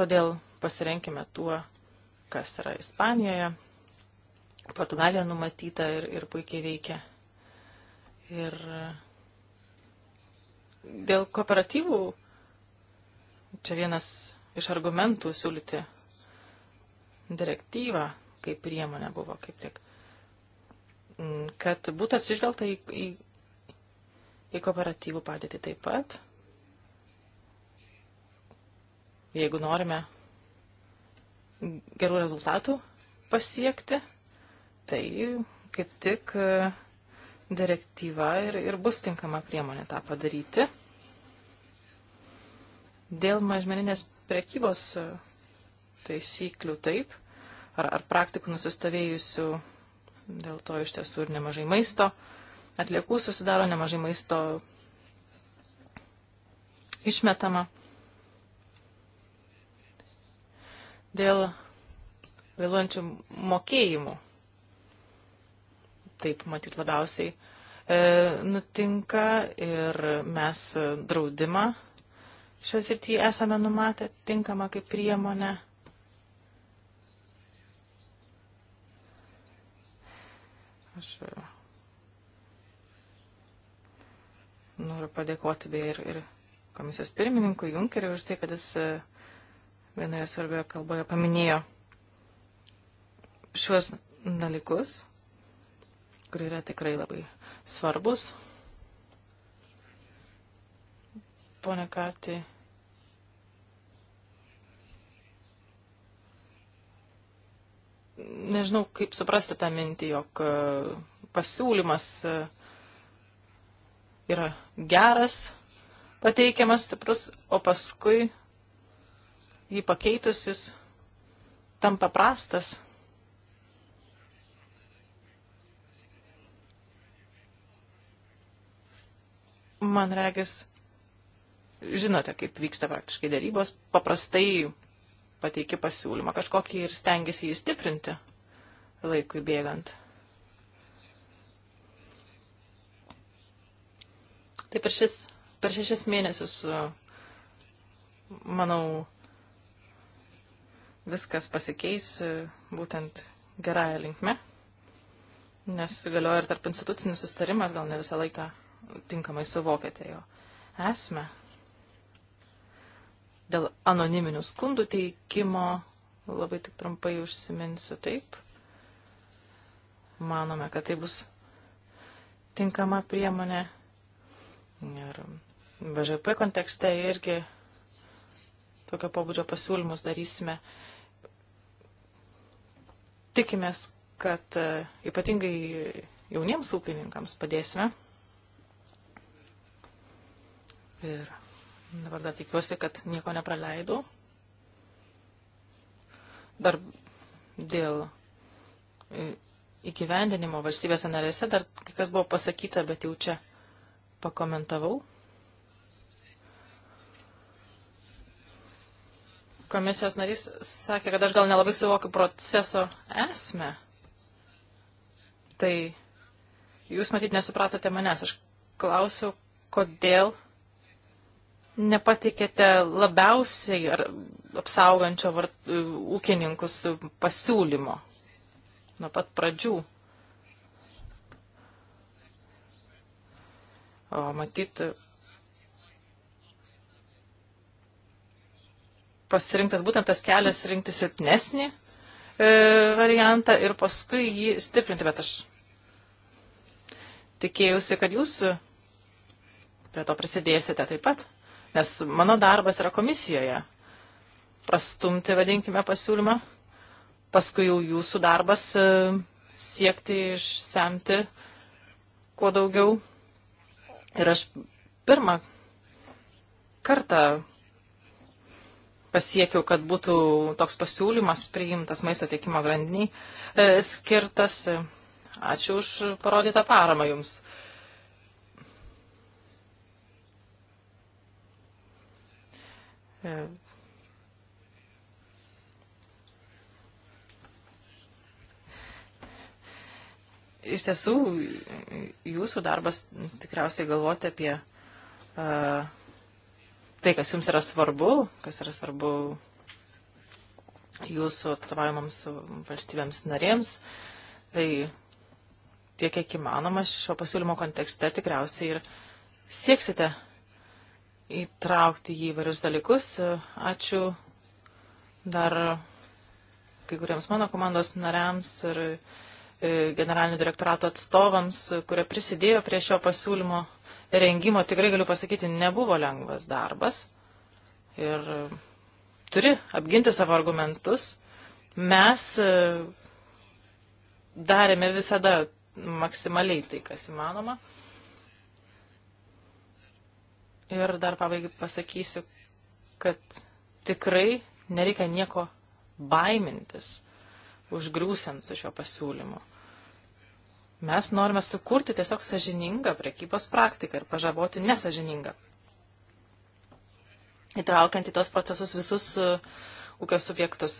Todėl pasirenkime tuo, kas yra Ispanijoje. Portugalija numatyta ir, ir puikiai veikia. Ir e, dėl kooperatyvų čia vienas iš argumentų siūlyti direktyvą kaip priemonė buvo kaip tik, mm, kad būtų atsižvelgta į, į, į kooperatyvų padėtį taip pat, jeigu norime gerų rezultatų pasiekti, tai kaip tik e, direktyva ir, ir bus tinkama priemonė tą padaryti. Dėl mažmeninės prekybos e, taisyklių taip, ar, ar praktikų nusistovėjusių, dėl to iš tiesų ir nemažai maisto, atliekų susidaro nemažai maisto išmetama. Dėl vėluojančių mokėjimų. Taip, matyt, labiausiai e, nutinka ir mes draudimą šios ir tie esame numatę tinkamą kaip priemonę. Aš e, noriu padėkoti beje ir, ir komisijos pirmininkui Junkeriui už tai, kad jis e, vienoje svarbioje kalboje paminėjo šiuos dalykus, kurie yra tikrai labai svarbus. Pone Karti nežinau, kaip suprasti tą mintį, jog e, pasiūlymas e, yra geras, pateikiamas, stiprus, o paskui jį pakeitus jis tampa prastas. Man regis, žinote, kaip vyksta praktiškai darybos, paprastai pateiki pasiūlymą kažkokį ir stengiasi jį stiprinti laikui bėgant. Tai per, šis, per šešis mėnesius, manau, viskas pasikeis būtent gerąją linkme, nes galioja ir tarp institucinis sustarimas, gal ne visą laiką tinkamai suvokėte jo esmę. Dėl anoniminių skundų teikimo labai tik trumpai užsiminsiu taip. Manome, kad tai bus tinkama priemonė. Ir BŽP kontekste irgi tokio pobūdžio pasiūlymus darysime. Tikimės, kad e, ypatingai jauniems ūkininkams padėsime. Ir Dabar dar tikiuosi, kad nieko nepraleidau. Dar dėl e, įgyvendinimo valstybės narėse dar kai kas buvo pasakyta, bet jau čia pakomentavau. Komisijos narys sakė, kad aš gal nelabai suvokiu proceso esmę. Tai jūs matyt nesupratote manęs. Aš klausiau, kodėl nepatikėte labiausiai apsaugančio vart, ūkininkus pasiūlymo nuo pat pradžių. O matyt, pasirinktas būtent tas kelias rinkti silpnesnį e, variantą ir paskui jį stiprinti, bet aš tikėjausi, kad jūs prie to prisidėsite taip pat. Nes mano darbas yra komisijoje. Prastumti, vadinkime, pasiūlymą. Paskui jau jūsų darbas e, siekti išsemti kuo daugiau. Ir aš pirmą kartą pasiekiau, kad būtų toks pasiūlymas priimtas maisto tiekimo grandiniai e, skirtas. Ačiū už parodytą paramą jums. Iš tiesų, jūsų darbas tikriausiai galvoti apie uh, tai, kas jums yra svarbu, kas yra svarbu jūsų atstovaujamams valstybėms narėms. Tai tiek, kiek įmanoma šio pasiūlymo kontekste tikriausiai ir sieksite įtraukti jį įvairius dalykus. Ačiū dar kai kuriems mano komandos nariams ir e, generalinio direktorato atstovams, kurie prisidėjo prie šio pasiūlymo rengimo. Tikrai galiu pasakyti, nebuvo lengvas darbas. Ir turi apginti savo argumentus. Mes e, darėme visada maksimaliai tai, kas įmanoma. Ir dar pabaigai pasakysiu, kad tikrai nereikia nieko baimintis užgrūsiant su šio pasiūlymu. Mes norime sukurti tiesiog sažiningą prekybos praktiką ir pažaboti nesažiningą. Įtraukiant į tos procesus visus uh, ūkio subjektus.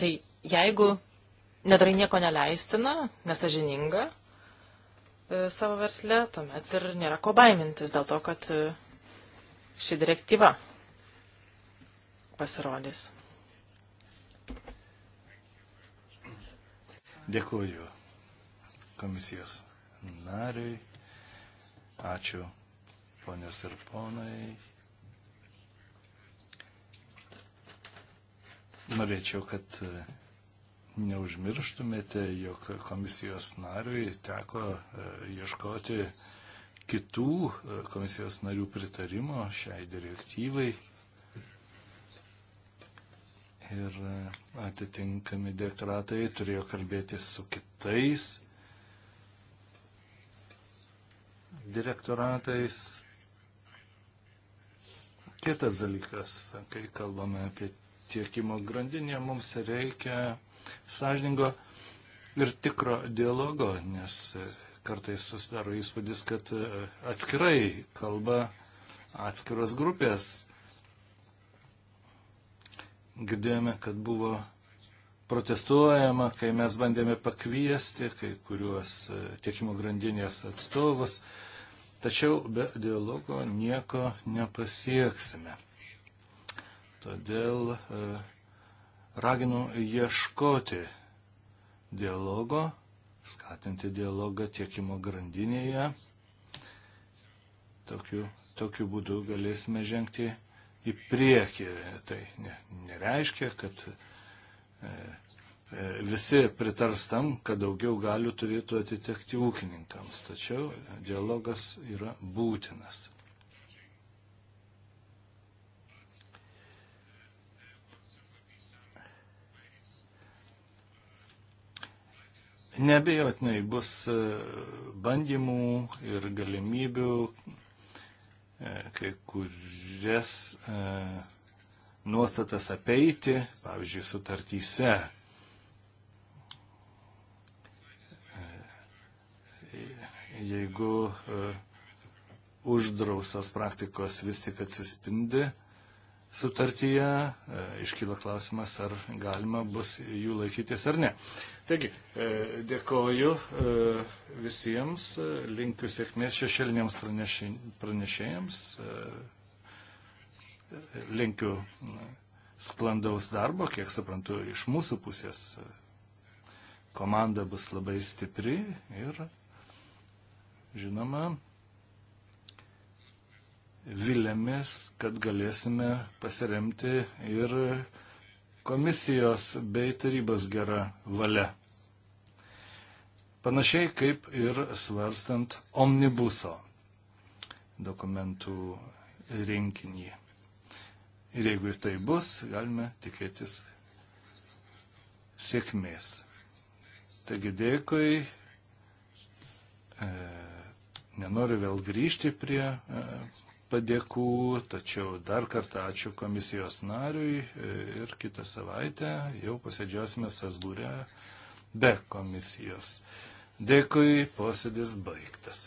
Tai jeigu nedarai nieko neleistina, nesažininga, E, savo versle, tuomet ir nėra ko baimintis dėl to, kad e, ši direktyva pasirodys. Dėkuoju komisijos nariui. Ačiū ponios ir ponai. Norėčiau, kad e, neužmirštumėte, jog komisijos nariui teko e, ieškoti kitų e, komisijos narių pritarimo šiai direktyvai. Ir e, atitinkami direktoratai turėjo kalbėti su kitais direktoratais. Kitas dalykas, kai kalbame apie tiekimo grandinę, mums reikia sąžiningo ir tikro dialogo, nes e, kartais susidaro įspūdis, kad e, atskirai kalba atskiros grupės. Girdėjome, kad buvo protestuojama, kai mes bandėme pakviesti kai kuriuos e, tiekimo grandinės atstovus, tačiau be dialogo nieko nepasieksime. Todėl uh, Raginu ieškoti dialogo, skatinti dialogą tiekimo grandinėje. Tokiu, tokiu būdu galėsime žengti į priekį. Tai ne, nereiškia, kad e, e visi pritars tam, kad daugiau galių turėtų atitekti ūkininkams. Tačiau dialogas yra būtinas. Nebejotinai bus e, bandymų ir galimybių e, kai kurias e, nuostatas apeiti, pavyzdžiui, sutartyse. Jeigu uždraustos praktikos vis tik atsispindi, sutartyje, e, iškyla klausimas, ar galima bus jų laikytis ar ne. Taigi, e, dėkoju e, visiems, linkiu sėkmės šešėliniams pranešėjams, linkiu sklandaus darbo, kiek suprantu, iš mūsų pusės komanda bus labai stipri ir, žinoma, vilėmės, kad galėsime pasiremti ir komisijos bei tarybos gerą valią. Panašiai kaip ir svarstant omnibuso dokumentų rinkinį. Ir jeigu tai bus, galime tikėtis sėkmės. Taigi dėkui. E, nenoriu vėl grįžti prie e, padėkų, tačiau dar kartą ačiū komisijos nariui ir kitą savaitę jau posėdžiosime Sasbūrę be komisijos. Dėkui, posėdis baigtas.